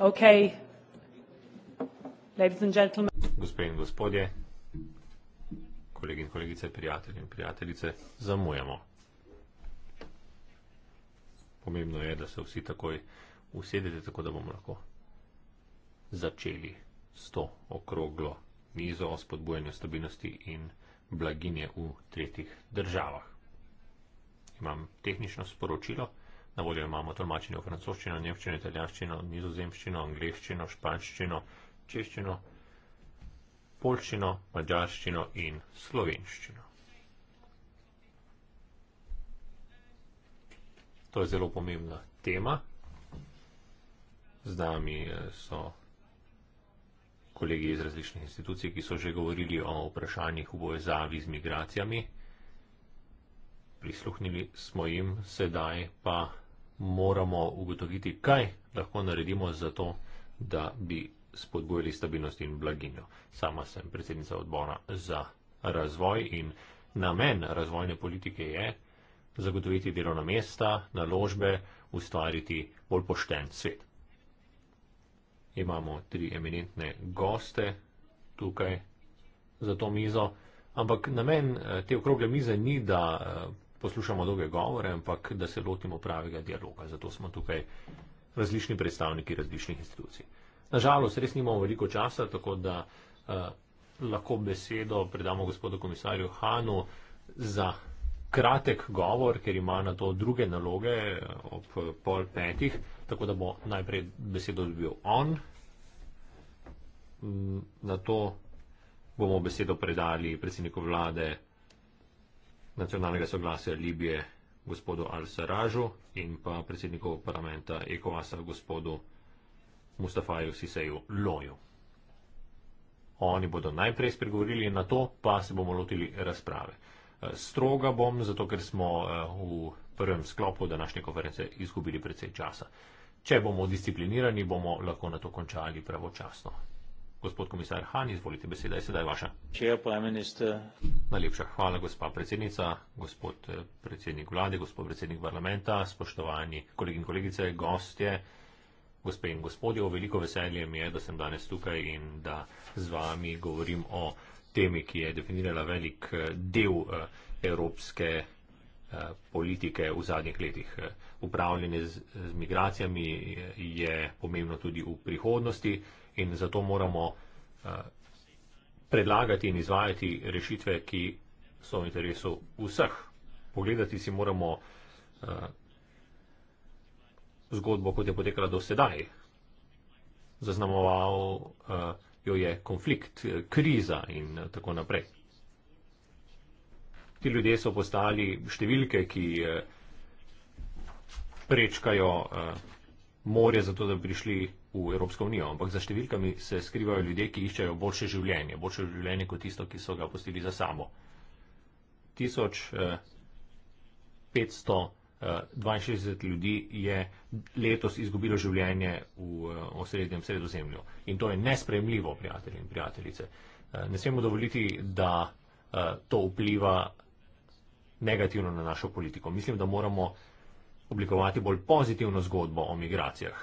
Okay. Ladies and gentlemen. Gospe in gospodje, kolegi in kolegice, prijatelji in prijateljice, zamujamo. Pomembno je, da se vsi takoj usedete, tako da bomo lahko začeli s to okroglo mizo o spodbujanju stabilnosti in blaginje v tretjih državah. Imam tehnično sporočilo. Na voljo imamo tolmačenje v francoščino, nemščino, italijanščino, nizozemščino, angliščino, španščino, češčino, polščino, mađarščino in slovenščino. To je zelo pomembna tema. Z nami eh, so kolegi iz različnih institucij, ki so že govorili o vprašanjih v povezavi z migracijami. Prisluhnili smo jim, sedaj pa moramo ugotoviti, kaj lahko naredimo za to, da bi spodbojili stabilnost in blaginjo. Sama sem predsednica odbora za razvoj in namen razvojne politike je zagotoviti delovna mesta, naložbe, ustvariti bolj pošten svet. Imamo tri eminentne goste tukaj za to mizo, ampak namen eh, te okrogle mize ni, da eh, poslušamo dolge govore, ampak da se lotimo pravega dialoga. Zato smo tukaj različni predstavniki različnih institucij. Nažalost, res nimamo veliko časa, tako da uh, lahko besedo predamo gospodu komisarju Hanu za kratek govor, ker ima na to druge naloge eh, ob pol petih, tako da bo najprej besedo dobil on. Mm, na to bomo besedo predali predsedniku vlade nacionalnega soglasja Libije gospodu Al-Saražu in pa predsednikov parlamenta Ekoasa gospodu Mustafaju Siseju Loju. Oni bodo najprej spregovorili, na to pa se bomo lotili razprave. Eh, stroga bom, zato ker smo eh, v prvem sklopu današnje konference izgubili precej časa. Če bomo disciplinirani, bomo lahko na to končali pravočasno. Gospod komisar Han, izvolite beseda, je sedaj vaša. Najlepša hvala, gospa predsednica, gospod eh, predsednik vlade, gospod predsednik parlamenta, spoštovani kolegi in kolegice, gostje, gospe in gospodje, veliko veselje mi je, da sem danes tukaj in da z vami govorim o temi, ki je definirala velik eh, del eh, evropske politike v zadnjih letih. Upravljanje z, z migracijami je pomembno tudi v prihodnosti in zato moramo eh, predlagati in izvajati rešitve, ki so v interesu vseh. Pogledati si moramo eh, zgodbo, kot je potekala do sedaj. Zaznamoval eh, jo je konflikt, kriza in tako naprej. Ti ljudje so postali številke, ki prečkajo morje za to, da bi prišli v Evropsko unijo, ampak za številkami se skrivajo ljudje, ki iščejo boljše življenje, boljše življenje kot tisto, ki so ga postili za samo. 1562 eh, eh, ljudi je letos izgubilo življenje v eh, osrednjem sredozemlju. In to je nespremljivo, prijatelji in prijateljice. Ne smemo dovoliti, da to vpliva negativno na našo politiko. Mislim, da moramo oblikovati bolj pozitivno zgodbo o migracijah.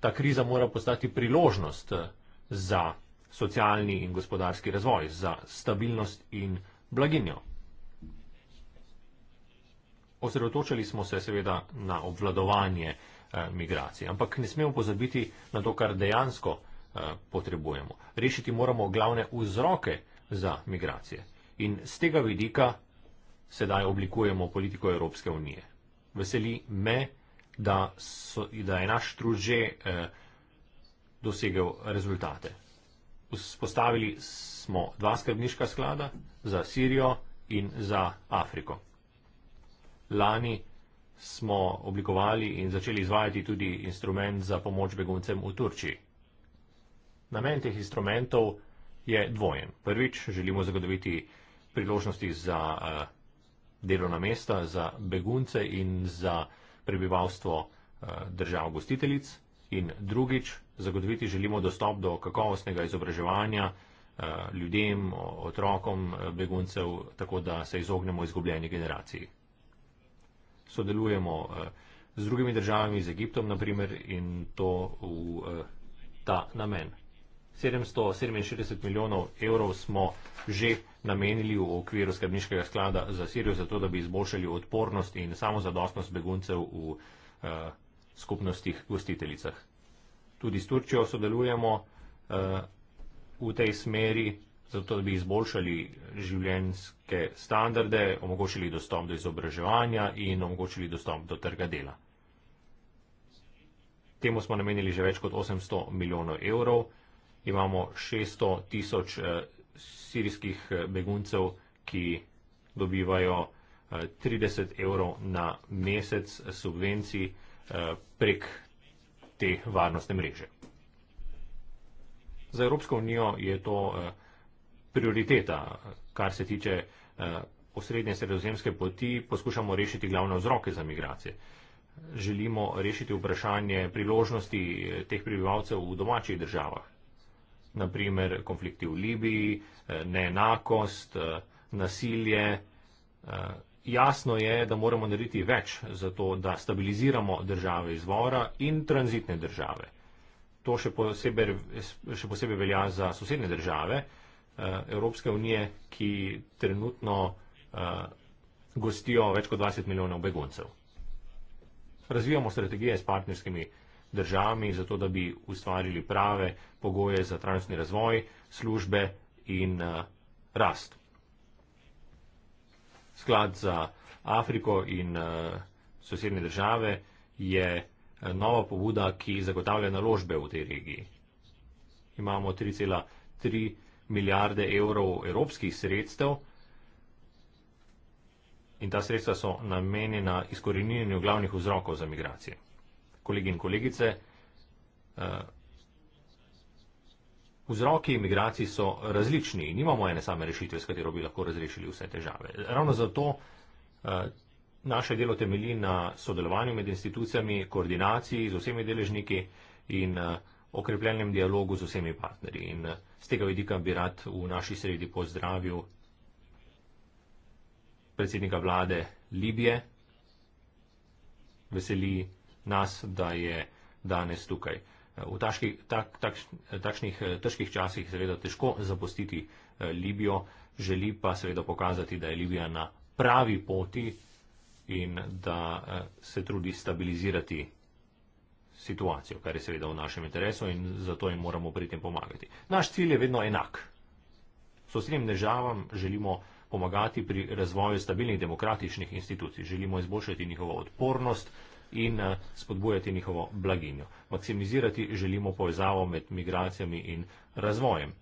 Ta kriza mora postati priložnost eh, za socialni in gospodarski razvoj, za stabilnost in blaginjo. Osredotočali smo se seveda na obvladovanje eh, migracij, ampak ne smemo pozabiti na to, kar dejansko eh, potrebujemo. Rešiti moramo glavne vzroke za migracije. In z tega vidika sedaj oblikujemo politiko Evropske unije veseli me, da, so, da je naš trud že eh, dosegel rezultate. Vzpostavili smo dva skrbniška sklada za Sirijo in za Afriko. Lani smo oblikovali in začeli izvajati tudi instrument za pomoč beguncem v Turčiji. Namen teh instrumentov je dvojen. Prvič, želimo zagotoviti priložnosti za eh, delovna mesta za begunce in za prebivalstvo eh, držav gostiteljic. In drugič, zagotoviti želimo dostop do kakovostnega izobraževanja eh, ljudem, otrokom eh, beguncev, tako da se izognemo izgubljeni generaciji. Sodelujemo z drugimi državami, z Egiptom naprimer, in to v ta namen. 747 milijonov evrov smo že namenili v okviru skrbniškega sklada za Sirijo, zato da bi izboljšali odpornost in samozadostnost beguncev v uh, skupnostih gostiteljicah. Tudi s Turčijo sodelujemo uh, v tej smeri, zato da bi izboljšali življenjske standarde, omogočili dostop do izobraževanja in omogočili dostop do trga dela. Temu smo namenili že več kot 800 milijonov evrov. Imamo 600 tisoč. Uh, sirijskih eh, beguncev, ki dobivajo 30 eh, evrov na mesec subvencij eh, prek te varnostne mreže. Za Evropsko unijo je to prioriteta, kar se tiče osrednje sredozemske poti, poskušamo rešiti glavne vzroke za migracije. Želimo rešiti vprašanje priložnosti teh prebivalcev v domačih državah naprimer konflikti v Libiji, eh, neenakost, eh, nasilje. Eh, jasno je, da moramo narediti več za to, da stabiliziramo države izvora in tranzitne države. To še posebej, še posebej velja za sosednje države Evropske unije, ki trenutno gostijo več kot 20 milijonov beguncev. Razvijamo strategije s partnerskimi državami državami, zato da bi ustvarili prave pogoje za trajnostni razvoj, službe in uh, rast. Sklad za Afriko in uh, sosednje države je eh, nova pobuda, ki zagotavlja naložbe v tej regiji. Imamo 3,3 milijarde evrov evropskih sredstev in ta sredstva so namenjena izkoreninjenju glavnih vzrokov za migracije kolegi in kolegice. Eh, vzroki imigracij so različni in nimamo ene same rešitve, s katero bi lahko razrešili vse težave. Ravno zato eh, naše delo temelji na sodelovanju med institucijami, koordinaciji z vsemi deležniki in eh, okrepljenem dialogu z vsemi partnerji. In z tega vidika bi rad v naši sredi pozdravil predsednika vlade Libije. Veseli nas, da je danes tukaj. V taški, tak, tak, takšnih eh, težkih časih seveda težko zapustiti eh, Libijo, želi pa seveda pokazati, da je Libija na pravi poti in da eh, se trudi stabilizirati situacijo, kar je seveda v našem interesu in zato jim moramo pri tem pomagati. Naš cilj je vedno enak. Sosednjim državam želimo pomagati pri razvoju stabilnih demokratičnih institucij, želimo izboljšati njihovo odpornost, in eh, spodbujati njihovo blaginjo. Maksimizirati želimo povezavo med migracijami in razvojem.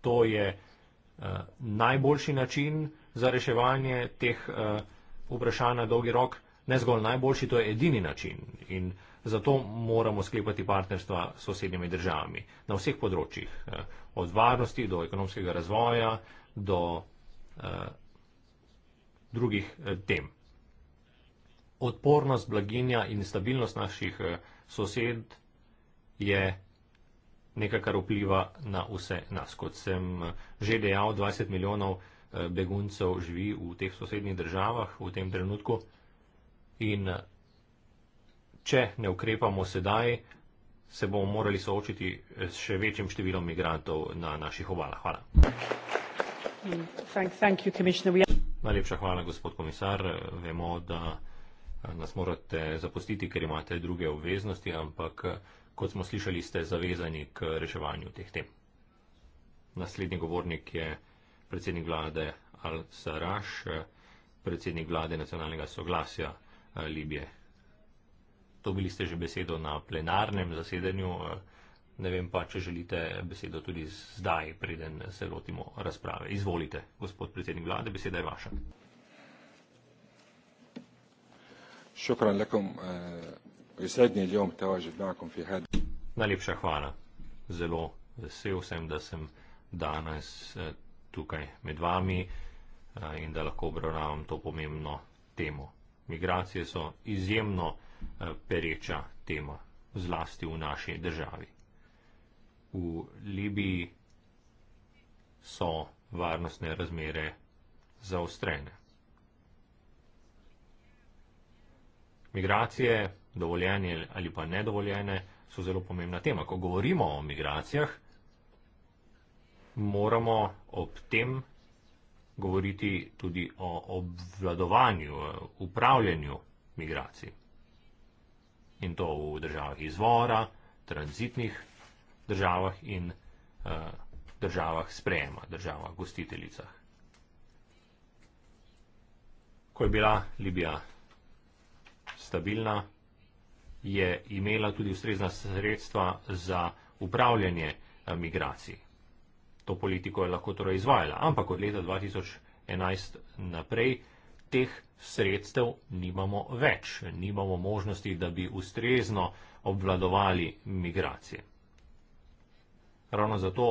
To je eh, najboljši način za reševanje teh eh, vprašanj na dolgi rok, ne zgolj najboljši, to je edini način in zato moramo sklepati partnerstva s sosednjimi državami na vseh področjih, od varnosti do ekonomskega razvoja, do drugih tem odpornost, blaginja in stabilnost naših eh, sosed je nekaj, kar vpliva na vse nas. Kot sem eh, že dejal, 20 milijonov eh, beguncev živi v teh sosednjih državah v tem trenutku in če ne ukrepamo sedaj, se bomo morali soočiti s še večjim številom migrantov na naših obalah. Hvala. Thank, thank you, Najlepša hvala, gospod komisar. Vemo, da Eh, nas morate zapustiti, ker imate druge obveznosti, ampak eh, kot smo slišali, ste zavezani k reševanju teh tem. Naslednji govornik je predsednik vlade Al-Saraš, eh, predsednik vlade nacionalnega soglasja Libije. To bili ste že besedo na plenarnem zasedanju, ne vem pa, če želite besedo tudi zdaj, preden se lotimo razprave. Izvolite, gospod predsednik vlade, beseda je vaša. شكرا لكم يسعدني اليوم التواجد معكم في هذا نليب شخوانا زلو سيو سم دسم دانس توكاي مدوامي in da lahko obravnavam to pomembno temo. Migracije so izjemno eh, pereča tema, zlasti v naši državi. V Libiji so varnostne razmere zaostrene. Migracije, dovoljene ali pa nedovoljene, so zelo pomembna tema. Ko govorimo o migracijah, moramo ob tem govoriti tudi o obvladovanju, upravljanju migracij. In to v državah izvora, tranzitnih državah in uh, državah sprejema, državah gostiteljicah. Ko je bila Libija stabilna, je imela tudi ustrezna sredstva za upravljanje eh, migracij. To politiko je lahko torej izvajala, ampak od leta 2011 naprej teh sredstev nimamo več, nimamo možnosti, da bi ustrezno obvladovali migracije. Ravno zato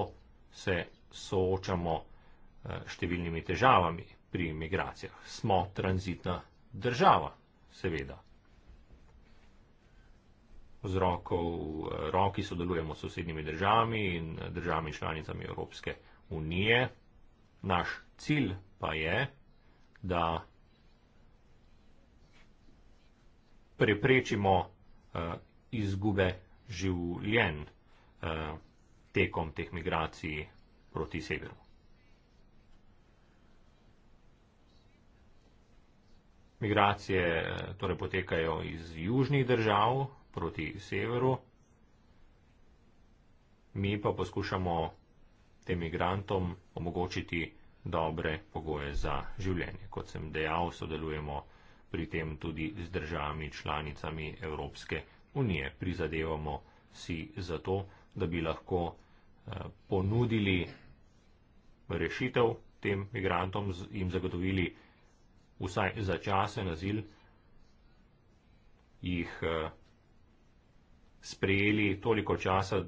se soočamo eh, številnimi težavami pri migracijah. Smo tranzitna država, seveda vzrokov, eh, roki sodelujemo s sosednjimi državami in eh, državami članicami Evropske unije. Naš cilj pa je, da preprečimo uh, izgube življenj uh, tekom teh migracij proti severu. Migracije torej potekajo iz južnih držav, proti severu. Mi pa poskušamo tem migrantom omogočiti dobre pogoje za življenje. Kot sem dejal, sodelujemo pri tem tudi z državami članicami Evropske unije. Prizadevamo si za to, da bi lahko eh, ponudili rešitev tem migrantom, jim zagotovili vsaj začasen azil, jih eh, sprejeli toliko časa,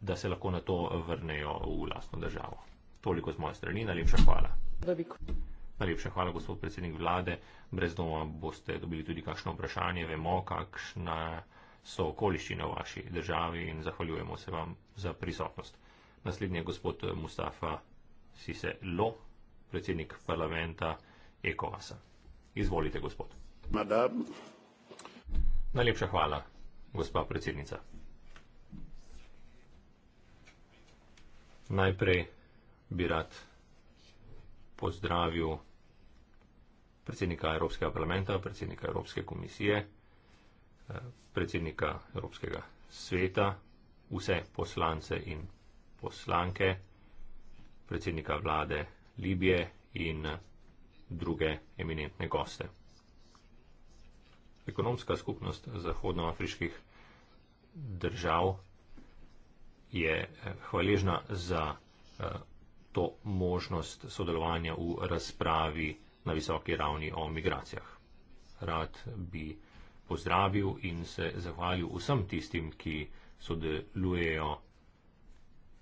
da se lahko na to vrnejo v lastno državo. Toliko z moje strani, najlepša hvala. Najlepša hvala, gospod predsednik vlade. Brez doma boste dobili tudi kakšno vprašanje, vemo, kakšna so okoliščine v vaši državi in zahvaljujemo se vam za prisotnost. Naslednji je gospod Mustafa Siselo, predsednik parlamenta Ekoasa. Izvolite, gospod. Madame. Najlepša hvala gospa predsednica. Najprej bi rad pozdravil predsednika Evropskega parlamenta, predsednika Evropske komisije, eh, predsednika Evropskega sveta, vse poslance in poslanke, predsednika vlade Libije in druge eminentne goste. Ekonomska skupnost zahodnoafriških držav je eh, hvaležna za eh, to možnost sodelovanja v razpravi na visoki ravni o migracijah. Rad bi pozdravil in se zahvalil vsem tistim, ki sodelujejo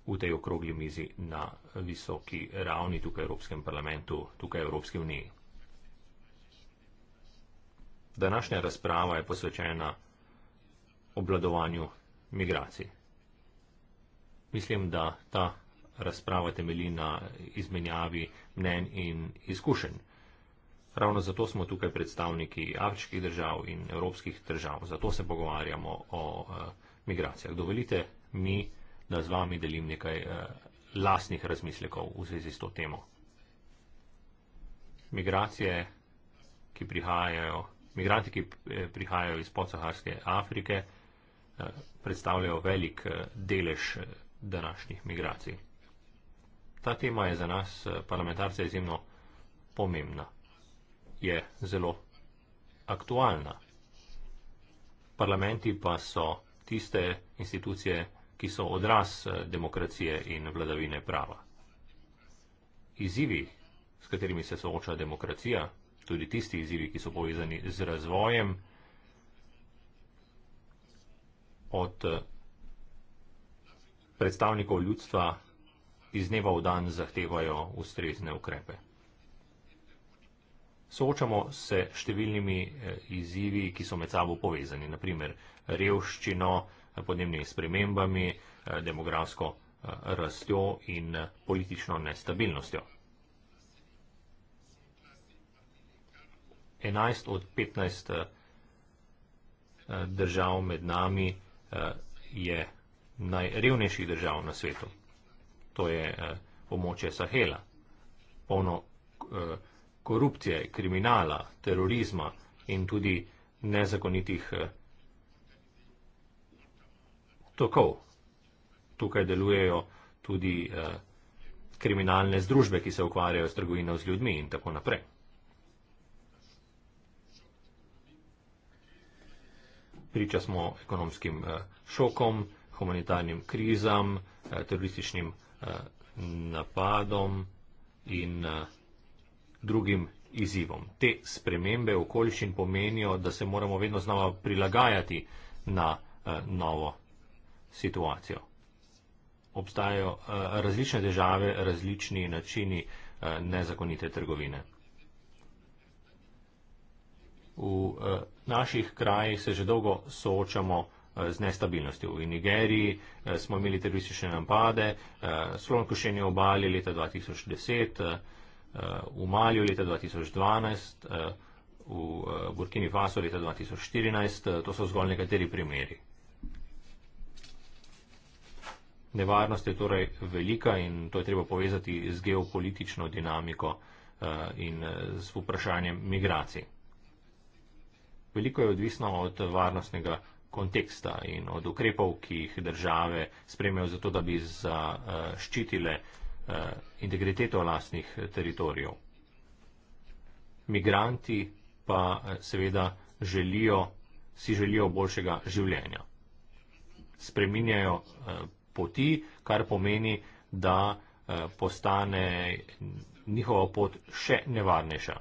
v tej okrogli mizi na visoki ravni tukaj v Evropskem parlamentu, tukaj v Evropski uniji. Današnja razprava je posvečena obladovanju migracij. Mislim, da ta razprava temelji na izmenjavi mnen in izkušenj. Ravno zato smo tukaj predstavniki afriških držav in evropskih držav, zato se pogovarjamo o uh, migracijah. Dovolite mi, da z vami delim nekaj uh, eh, lasnih razmislekov v zvezi s to temo. Migracije, ki prihajajo, migranti, ki eh, prihajajo iz podsaharske Afrike, predstavljajo velik eh, delež eh, današnjih migracij. Ta tema je za nas eh, parlamentarce izjemno pomembna. Je zelo aktualna. Parlamenti pa so tiste institucije, ki so odraz demokracije in vladavine prava. Izivi, s katerimi se sooča demokracija, tudi tisti izivi, ki so povezani z razvojem, od eh, predstavnikov ljudstva iz dneva v dan zahtevajo ustrezne ukrepe. Soočamo se številnimi eh, izzivi, ki so med sabo povezani, naprimer revščino, eh, podnebnimi spremembami, demografsko rastjo in politično nestabilnostjo. 11 od 15 držav med nami Eh, je najrevnejših držav na svetu. To je eh, območje Sahela, polno eh, korupcije, kriminala, terorizma in tudi nezakonitih tokov. Tukaj delujejo tudi kriminalne združbe, ki se ukvarjajo s trgovino z ljudmi in tako naprej. priča smo ekonomskim eh, šokom, humanitarnim krizam, eh, terorističnim eh, napadom in drugim izzivom. Te spremembe okoliščin pomenijo, da se moramo vedno znova prilagajati na novo situacijo. Obstajajo različne države, različni načini nezakonite trgovine. V naših krajih se že dolgo soočamo eh, z nestabilnostjo. V Nigeriji eh, smo imeli teroristične napade, eh, slonkošenje obali leta 2010, v Malju leta 2012, v Burkini Faso leta 2014. To so zgolj nekateri primeri. Nevarnost je torej velika in to je treba povezati z geopolitično dinamiko in z vprašanjem migracij veliko je odvisno od varnostnega konteksta in od ukrepov, ki jih države spremejo zato, da bi zaščitile eh, integriteto lastnih teritorijev. Migranti pa eh, seveda želijo, si želijo boljšega življenja. Spreminjajo eh, poti, kar pomeni, da postane njihova pot še nevarnejša.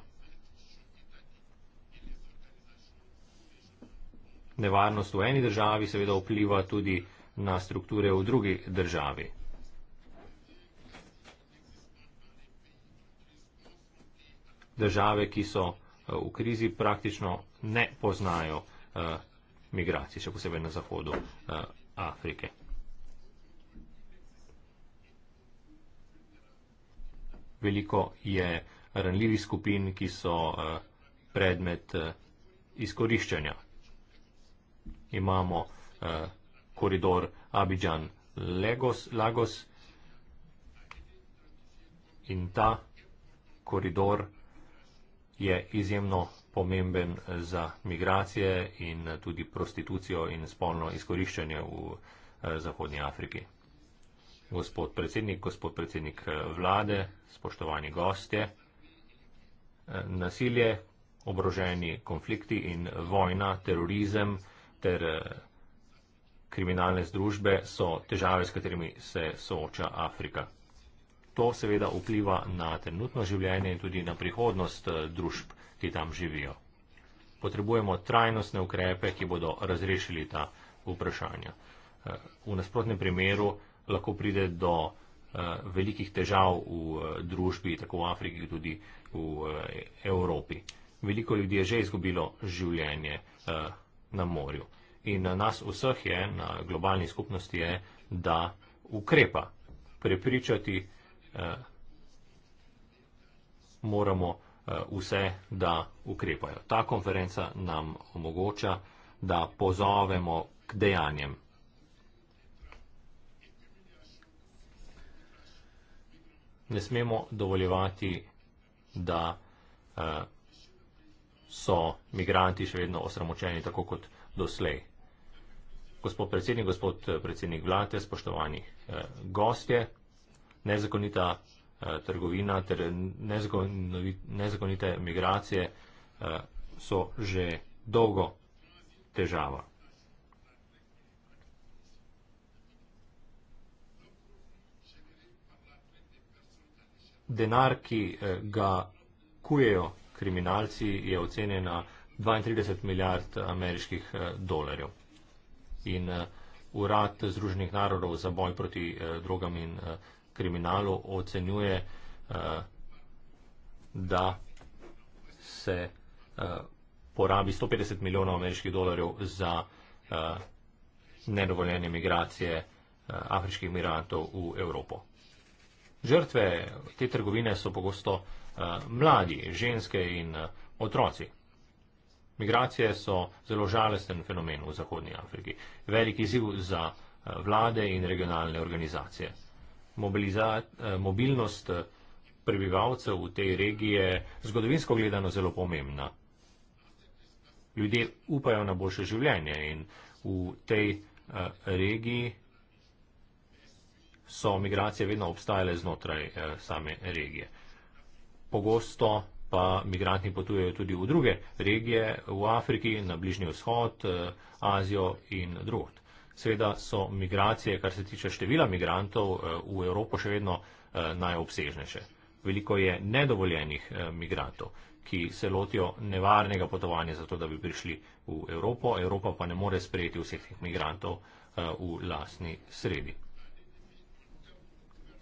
nevarnost v eni državi seveda vpliva tudi na strukture v drugi državi. Države, ki so eh, v krizi, praktično ne poznajo eh, migracij, še posebej na zahodu eh, Afrike. Veliko je ranljivih skupin, ki so eh, predmet eh, izkoriščanja imamo eh, koridor Abidjan-Lagos in ta koridor je izjemno pomemben eh, za migracije in eh, tudi prostitucijo in spolno izkoriščanje v eh, Zahodnji Afriki. Gospod predsednik, gospod predsednik eh, vlade, spoštovani gostje, nasilje, obroženi konflikti in vojna, terorizem ter eh, kriminalne združbe so težave, s katerimi se sooča Afrika. To seveda vpliva na trenutno življenje in tudi na prihodnost eh, družb, ki tam živijo. Potrebujemo trajnostne ukrepe, ki bodo razrešili ta vprašanja. Eh, v nasprotnem primeru lahko pride do velikih težav v družbi, tako v Afriki, tudi v Evropi. Veliko ljudi je že izgubilo življenje, na morju. In na eh, nas vseh je, na globalni skupnosti je, da ukrepa. Prepričati eh, moramo eh, vse, da ukrepajo. Ta konferenca nam omogoča, da pozovemo k dejanjem. Ne smemo dovoljevati, da eh, so migranti še vedno osramočeni tako kot doslej. Gospod predsednik, gospod eh, predsednik vlade, spoštovani eh, gostje, nezakonita eh, trgovina ter nezakonite migracije eh, so že dolgo težava. Denar, ki eh, ga kujejo kriminalci je ocenjena 32 milijard eh, ameriških eh, dolarjev. In eh, Urad Združenih narodov za boj proti drogam in kriminalu ocenjuje, da se porabi 150 milijonov ameriških dolarjev za nedovoljene migracije afriških migrantov v Evropo. Žrtve te trgovine so pogosto Eh, mladi, ženske in eh, otroci. Migracije so zelo žalesten fenomen v Zahodnji Afriki. Velik izziv za eh, vlade in regionalne organizacije. Mobilnost prebivalcev v tej regiji je zgodovinsko gledano zelo pomembna. Ljudje upajo na boljše življenje in v tej regiji so migracije vedno obstajale znotraj same regije pogosto pa migranti potujejo tudi v druge regije, v Afriki, na Bližnji vzhod, eh, Azijo in drugot. Seveda so migracije, kar se tiče števila migrantov, eh, v Evropo še vedno eh, najobsežnejše. Veliko je nedovoljenih migrantov, ki se lotijo nevarnega potovanja za to, da bi prišli v Evropo. Evropa pa ne more sprejeti vseh teh migrantov v lasni sredi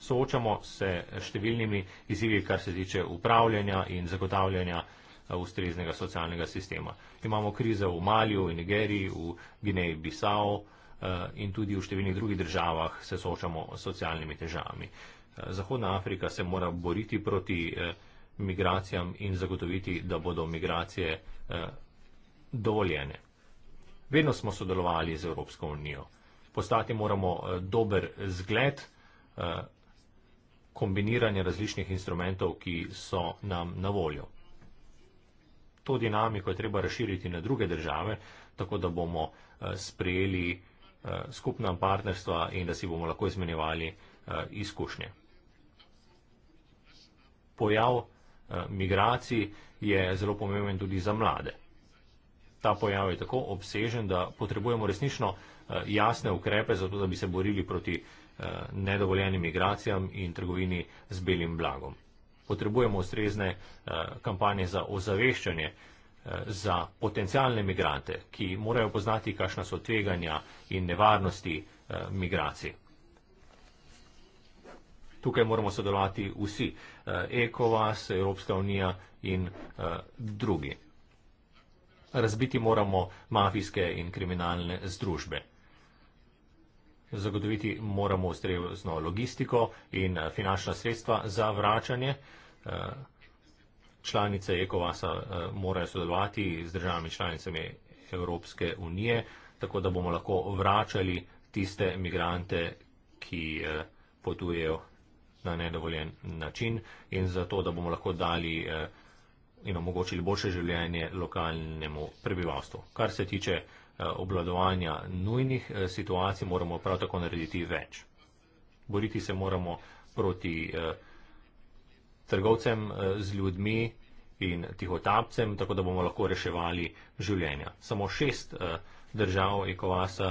soočamo se številnimi izzivi, kar se tiče upravljanja in zagotavljanja eh, ustreznega socialnega sistema. Imamo krize v Maliju, v Nigeriji, v Gineji, Bisao eh, in tudi v številnih drugih državah se soočamo s socialnimi težavami. Eh, Zahodna Afrika se mora boriti proti migracijam in zagotoviti, da bodo migracije dovoljene. Vedno smo sodelovali z Evropsko unijo. Postati moramo dober zgled kombiniranje različnih instrumentov, ki so nam na voljo. To dinamiko je treba razširiti na druge države, tako da bomo eh, sprejeli eh, skupna partnerstva in da si bomo lahko izmenjevali eh, izkušnje. Pojav migracij je zelo pomemben tudi za mlade. Ta pojav je tako obsežen, da potrebujemo resnično jasne ukrepe za to, da bi se borili proti Eh, nedovoljenim migracijam in trgovini z belim blagom. Potrebujemo ustrezne eh, kampanje za ozaveščanje eh, za potencijalne migrante, ki morajo poznati, kakšna so tveganja in nevarnosti migracij. Tukaj moramo sodelovati vsi, ECOWAS, Evropska unija in drugi. Razbiti moramo mafijske in kriminalne združbe zagotoviti moramo ustrezno logistiko in eh, finančna sredstva za vračanje. Eh, članice ECOVAS-a eh, morajo sodelovati z državami članicami Evropske unije, tako da bomo lahko vračali tiste migrante, ki potujejo na nedovoljen način in zato, da bomo lahko dali in omogočili boljše življenje lokalnemu prebivalstvu. Kar se tiče Eh, obladovanja nujnih eh, situacij moramo prav tako narediti več. Boriti se moramo proti eh, trgovcem z ljudmi in tihotapcem, tako da bomo lahko reševali življenja. Samo šest držav ECOWAS-a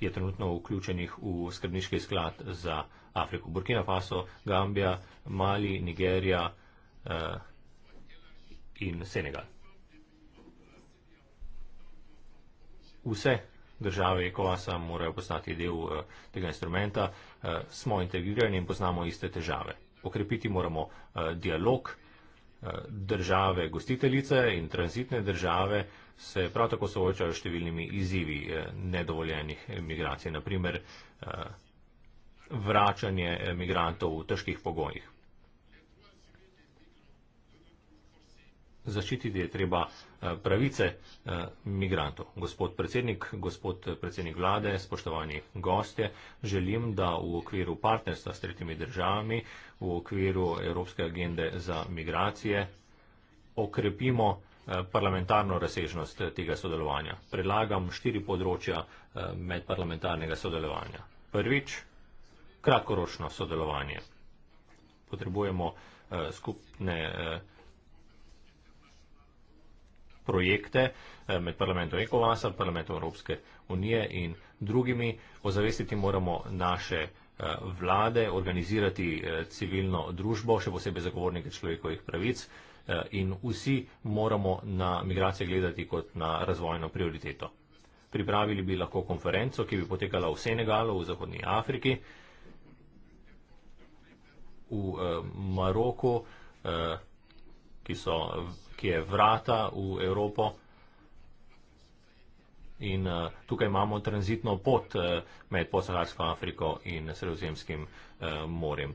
je trenutno vključenih v skrbniški sklad za Afriko. Burkina Faso, Gambija, Mali, Nigerija in Senegal. vse države ECOWAS-a morajo postati del eh, tega instrumenta, eh, smo integrirani in poznamo iste težave. Okrepiti moramo eh, dialog države gostiteljice in transitne države se prav tako soočajo s številnimi izzivi nedovoljenih migracij, naprimer vračanje migrantov v težkih pogojih. Zaščititi je treba Eh, pravice eh, migrantov. Gospod predsednik, gospod predsednik vlade, spoštovani gostje, želim, da v okviru partnerstva s tretjimi državami, v okviru Evropske agende za migracije, okrepimo eh, parlamentarno razsežnost tega sodelovanja. Predlagam štiri področja medparlamentarnega sodelovanja. Prvič, kratkoročno sodelovanje. Potrebujemo skupne projekte eh, med parlamentom ECOWAS-a, parlamentom Evropske unije in drugimi. Ozavestiti moramo naše eh, vlade, organizirati eh, civilno družbo, še posebej zagovornike človekovih pravic in vsi moramo na migracije gledati kot na razvojno prioriteto. Pripravili bi lahko konferenco, ki bi potekala v Senegalu, v Zahodni Afriki, v Maroku, ki so ki je vrata v Evropo. In uh, tukaj imamo tranzitno pot uh, med posaharsko Afriko in sredozemskim uh, morjem.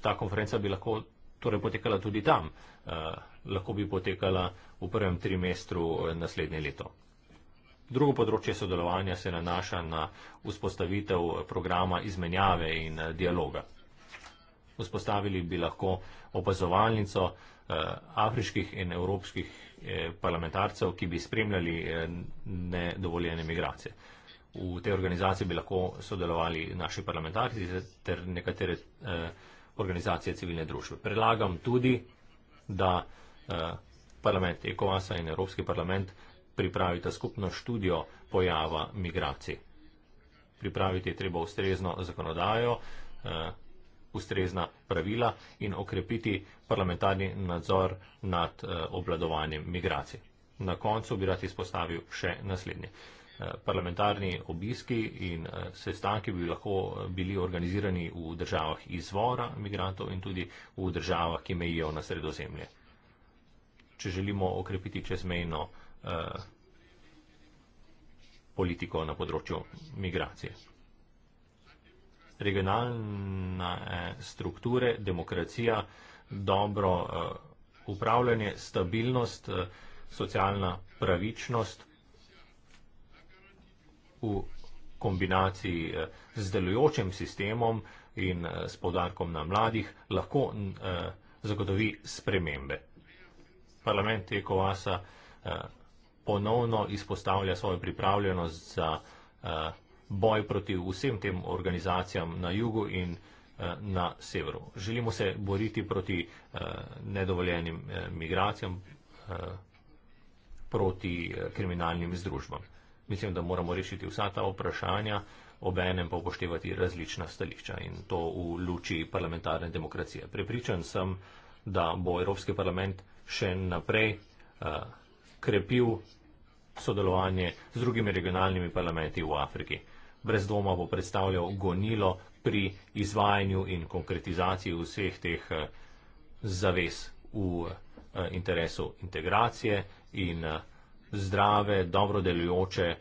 Ta konferenca bi lahko torej potekala tudi tam. Uh, lahko bi potekala v prvem trimestru uh, naslednje leto. Drugo področje sodelovanja se nanaša na vzpostavitev programa izmenjave in uh, dialoga. Vzpostavili bi lahko opazovalnico eh, afriških in evropskih eh, parlamentarcev, ki bi spremljali eh, nedovoljene migracije. V tej organizaciji bi lahko sodelovali naši parlamentarci ter nekatere organizacije civilne družbe. Predlagam tudi, da parlament ECOWAS-a in Evropski parlament pripravita skupno študijo pojava migracij. Pripraviti je treba ustrezno zakonodajo, ustrezna pravila in okrepiti parlamentarni nadzor nad eh, obladovanjem migracij. Na koncu bi rad izpostavil še naslednje. Eh, parlamentarni obiski in eh, sestanki bi lahko bili organizirani v državah izvora migrantov in tudi v državah, ki mejijo na sredozemlje. Če želimo okrepiti čezmejno eh, politiko na področju migracije regionalne eh, strukture, demokracija, dobro eh, upravljanje, stabilnost, eh, socialna pravičnost v kombinaciji z delujočim sistemom in s podarkom na mladih lahko zagotovi spremembe. Parlament Ekovasa ponovno izpostavlja svojo pripravljenost za vsega, boj proti vsem tem organizacijam na jugu in eh, na severu. Želimo se boriti proti eh, nedovoljenim eh, migracijam, proti kriminalnim združbam. Mislim, da moramo rešiti vsa ta vprašanja, obenem pa upoštevati različna stališča in to v luči parlamentarne demokracije. Prepričan sem, da bo Evropski parlament še naprej krepil sodelovanje z drugimi regionalnimi parlamenti v Afriki brezdoma bo predstavljal gonilo pri izvajanju in konkretizaciji vseh teh eh, zavez v eh, interesu integracije in eh, zdrave, dobro delujoče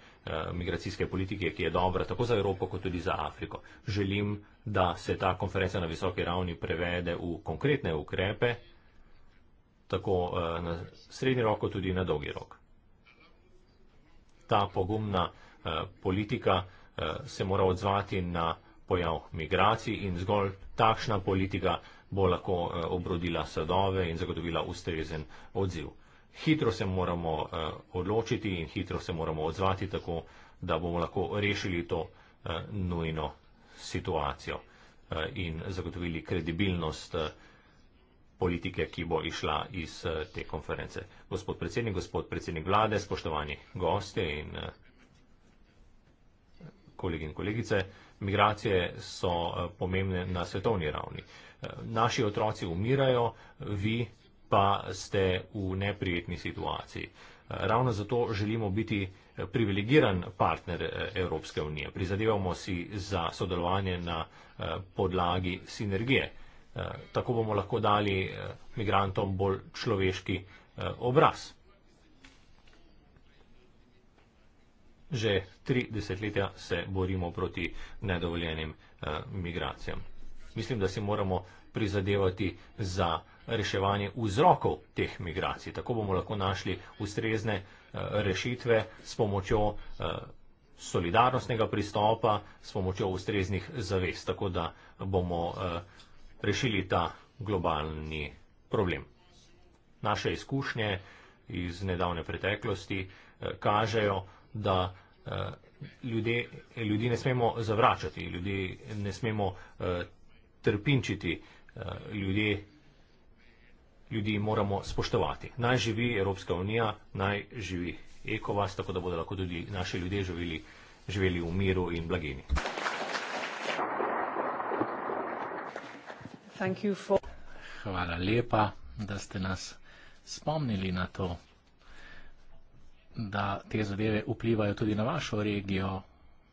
migracijske politike, ki je dobra tako za Evropo, kot tudi za Afriko. Želim, da se ta konferenca na visoki ravni prevede v konkretne ukrepe, tako na srednji rok, kot tudi na dolgi rok. Ta pogumna politika Eh, se mora odzvati na pojav migracij in zgolj takšna politika bo lahko eh, obrodila sadove in zagotovila ustrezen odziv. Hitro se moramo eh, odločiti in hitro se moramo odzvati tako, da bomo lahko rešili to nujno situacijo in zagotovili kredibilnost politike, ki bo išla iz te konference. Gospod predsednik, gospod predsednik vlade, spoštovani gosti in kolegi in kolegice, migracije so eh, pomembne na svetovni ravni. Eh, naši otroci umirajo, vi pa ste v neprijetni situaciji. Eh, ravno zato želimo biti privilegiran partner Evropske unije. Prizadevamo si za sodelovanje na podlagi sinergije. Tako bomo lahko dali migrantom bolj človeški obraz. že tri desetletja se borimo proti nedovoljenim eh, migracijam. Mislim, da si moramo prizadevati za reševanje vzrokov teh migracij. Tako bomo lahko našli ustrezne eh, rešitve s pomočjo eh, solidarnostnega pristopa, s pomočjo ustreznih zavez, tako da bomo eh, rešili ta globalni problem. Naše izkušnje iz nedavne preteklosti eh, kažejo, da eh, ljudje, ljudi ne smemo zavračati, ljudi ne smemo eh, trpinčiti, eh, ljudje, ljudi moramo spoštovati. Naj živi Evropska unija, naj živi Ekovas, tako da bodo lahko tudi naši ljudje živeli, živeli v miru in blageni. Hvala lepa, da ste nas spomnili na to da te zadeve vplivajo tudi na vašo regijo,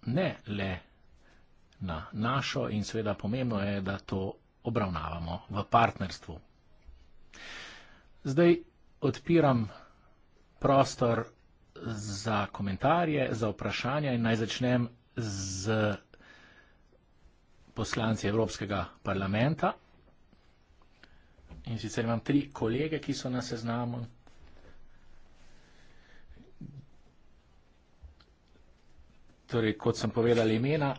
ne le na našo in seveda pomembno je, da to obravnavamo v partnerstvu. Zdaj odpiram prostor za komentarje, za vprašanja in naj začnem z poslanci Evropskega parlamenta. In sicer imam tri kolege, ki so na seznamu, torej, kot sem povedal imena,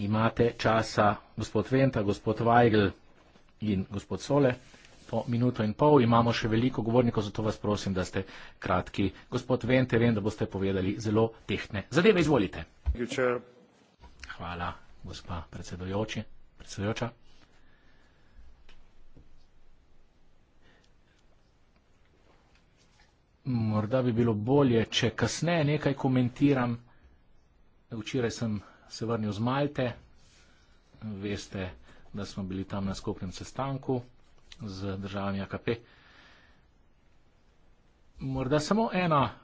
imate časa gospod Venta, gospod Weigl in gospod Sole. Po minuto in pol imamo še veliko govornikov, zato vas prosim, da ste kratki. Gospod Vente, vem, da boste povedali zelo tehtne zadeve. Izvolite. Hvala, gospa predsedujoči. predsedujoča. Morda bi bilo bolje, če kasneje nekaj komentiram. Včeraj sem se vrnil z Malte. Veste, da smo bili tam na skupnem sestanku z državami AKP. Morda samo ena,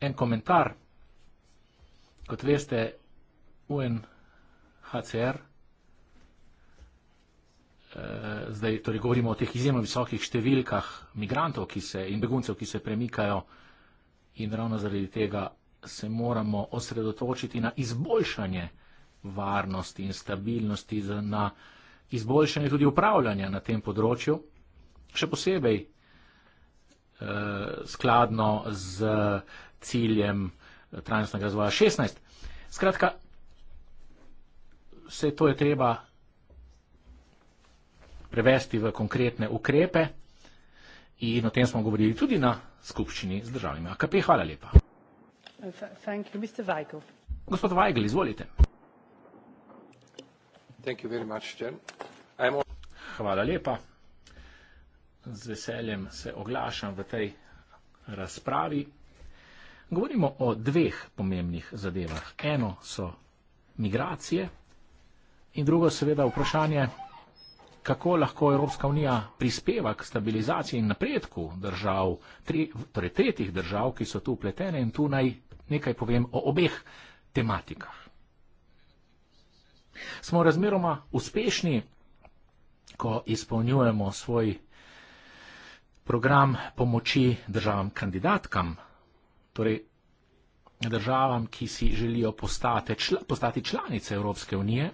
en komentar. Kot veste, UNHCR, eh, zdaj torej govorimo o teh izjemno visokih številkah migrantov se, in beguncev, ki se premikajo in ravno zaradi tega se moramo osredotočiti na izboljšanje varnosti in stabilnosti, na izboljšanje tudi upravljanja na tem področju, še posebej eh, skladno z ciljem eh, trajnostnega razvoja 16. Skratka, vse to je treba prevesti v konkretne ukrepe in o tem smo govorili tudi na skupščini z državnimi AKP. Hvala lepa. Uh, gospod vajgl izvolite hvala lepa z veseljem se oglašam v tej razpravi govorimo o dveh pomembnih zadevah eno so migracije in drugo seveda vprašanje kako lahko Evropska unija prispeva k stabilizaciji in napredku držav, tri, torej tretjih držav, ki so tu upletene in tu naj nekaj povem o obeh tematikah. Smo razmeroma uspešni, ko izpolnjujemo svoj program pomoči državam kandidatkam, torej državam, ki si želijo postati, čl postati članice Evropske unije,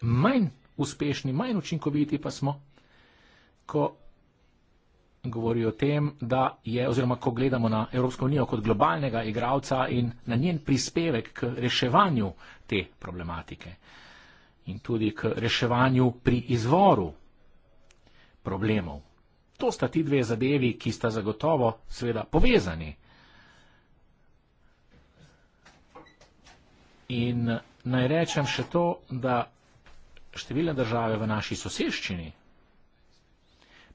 manj uspešni, manj učinkoviti pa smo, ko govori o tem, da je, oziroma ko gledamo na Evropsko unijo kot globalnega igralca in na njen prispevek k reševanju te problematike in tudi k reševanju pri izvoru problemov. To sta ti dve zadevi, ki sta zagotovo seveda povezani. In naj rečem še to, da številne države v naši soseščini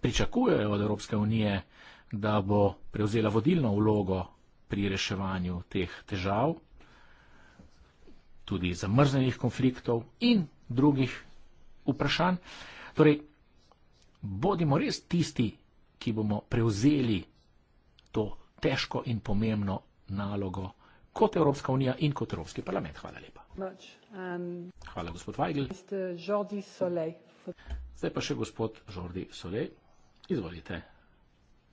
pričakujejo od Evropske unije, da bo prevzela vodilno vlogo pri reševanju teh težav, tudi zamrznenih konfliktov in drugih vprašanj. Torej, bodimo res tisti, ki bomo prevzeli to težko in pomembno nalogo kot Evropska unija in kot Evropski parlament. Hvala lepa. Hvala, gospod Weigl. Zdaj pa še gospod Jordi Solej. Izvolite.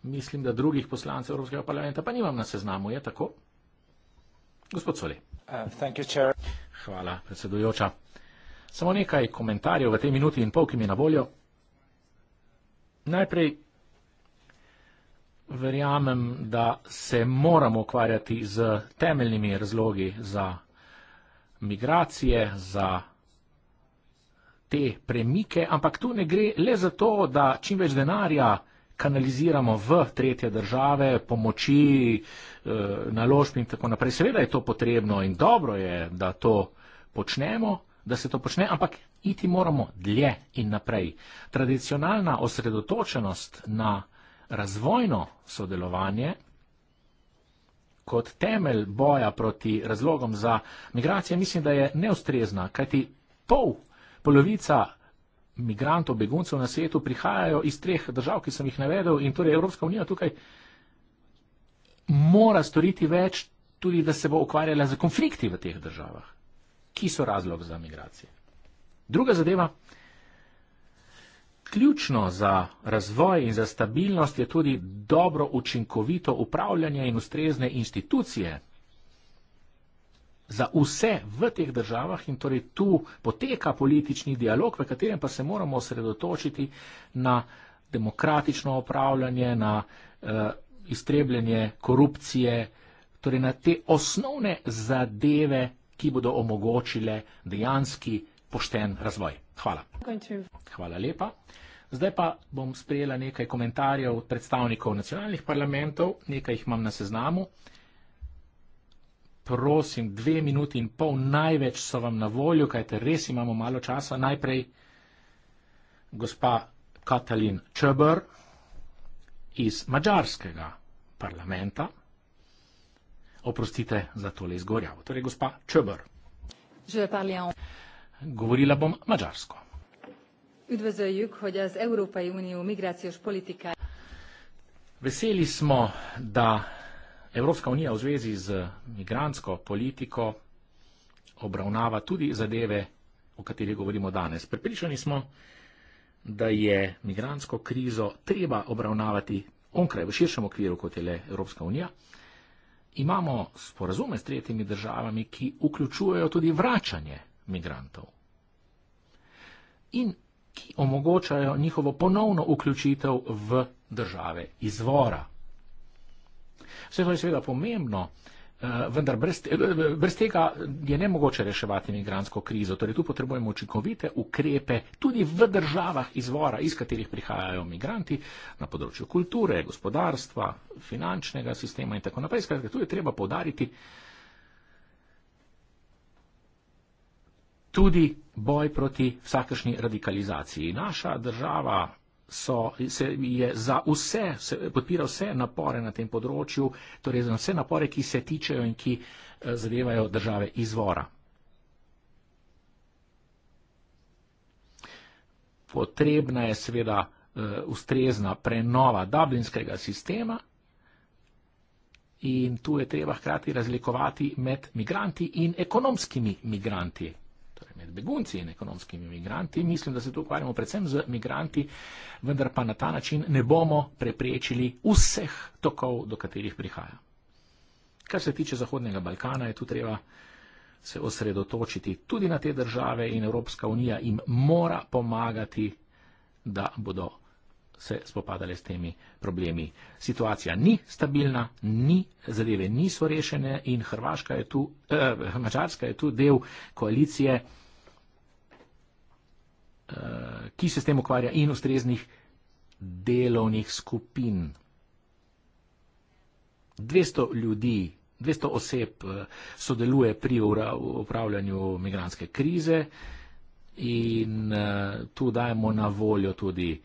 Mislim, da drugih poslancev Evropskega parlamenta pa nimam na seznamu, je tako? Gospod Soli. Uh, Hvala, predsedujoča. Samo nekaj komentarjev v tej minuti in pol, ki mi je na voljo. Najprej verjamem, da se moramo ukvarjati z temeljnimi razlogi za migracije, za te premike, ampak tu ne gre le za to, da čim več denarja kanaliziramo v tretje države, pomoči, eh, naložb in tako naprej. Seveda je to potrebno in dobro je, da to počnemo, da se to počne, ampak iti moramo dlje in naprej. Tradicionalna osredotočenost na razvojno sodelovanje kot temelj boja proti razlogom za migracije, mislim, da je neustrezna, kajti pol polovica migrantov, beguncev na svetu prihajajo iz treh držav, ki sem jih navedel in torej Evropska unija tukaj mora storiti več, tudi da se bo ukvarjala z konflikti v teh državah, ki so razlog za migracije. Druga zadeva, ključno za razvoj in za stabilnost je tudi dobro učinkovito upravljanje in ustrezne institucije za vse v teh državah in torej tu poteka politični dialog, v katerem pa se moramo osredotočiti na demokratično upravljanje, na uh, iztrebljanje korupcije, torej na te osnovne zadeve, ki bodo omogočile dejanski pošten razvoj. Hvala. Hvala lepa. Zdaj pa bom sprejela nekaj komentarjev predstavnikov nacionalnih parlamentov, nekaj jih imam na seznamu. Uh, prosim, dve minuti in pol največ so vam na voljo, kajte res imamo malo časa. Najprej gospa Katalin Čebr iz mađarskega parlamenta. Oprostite za tole izgorjavo. Torej, gospa Čebr. Govorila bom mađarsko. Veseli smo, da Evropska unija v zvezi z migransko politiko obravnava tudi zadeve, o katerih govorimo danes. Pripričani smo, da je migransko krizo treba obravnavati onkraj, v širšem okviru, kot je le Evropska unija. Imamo sporazume s tretjimi državami, ki vključujejo tudi vračanje migrantov in ki omogočajo njihovo ponovno vključitev v države izvora Vse to je seveda pomembno, eh, vendar brez, brez tega je ne mogoče reševati imigransko krizo. Torej tu potrebujemo učinkovite ukrepe tudi v državah izvora, iz katerih prihajajo imigranti, na področju kulture, gospodarstva, finančnega sistema in tako naprej. Skratka, tu je treba podariti tudi boj proti vsakršni radikalizaciji. Naša država so, se je za vse, se podpira vse napore na tem področju, torej za vse napore, ki se tičejo in ki eh, zadevajo države izvora. Potrebna je seveda uh, ustrezna prenova dublinskega sistema in tu je treba hkrati razlikovati med migranti in ekonomskimi migranti begunci in ekonomskimi migranti. Mislim, da se tu ukvarjamo predvsem z migranti, vendar pa na ta način ne bomo preprečili vseh tokov, do katerih prihaja. Kar se tiče Zahodnega Balkana, je tu treba se osredotočiti tudi na te države in Evropska unija jim mora pomagati, da bodo se spopadali s temi problemi. Situacija ni stabilna, ni, zadeve niso rešene in Hrvaška je tu, eh, Mačarska je tu del koalicije. Eh, ki se s tem ukvarja in ustreznih delovnih skupin. 200 ljudi, 200 oseb eh, sodeluje pri upravljanju migranske krize in eh, tu dajemo na voljo tudi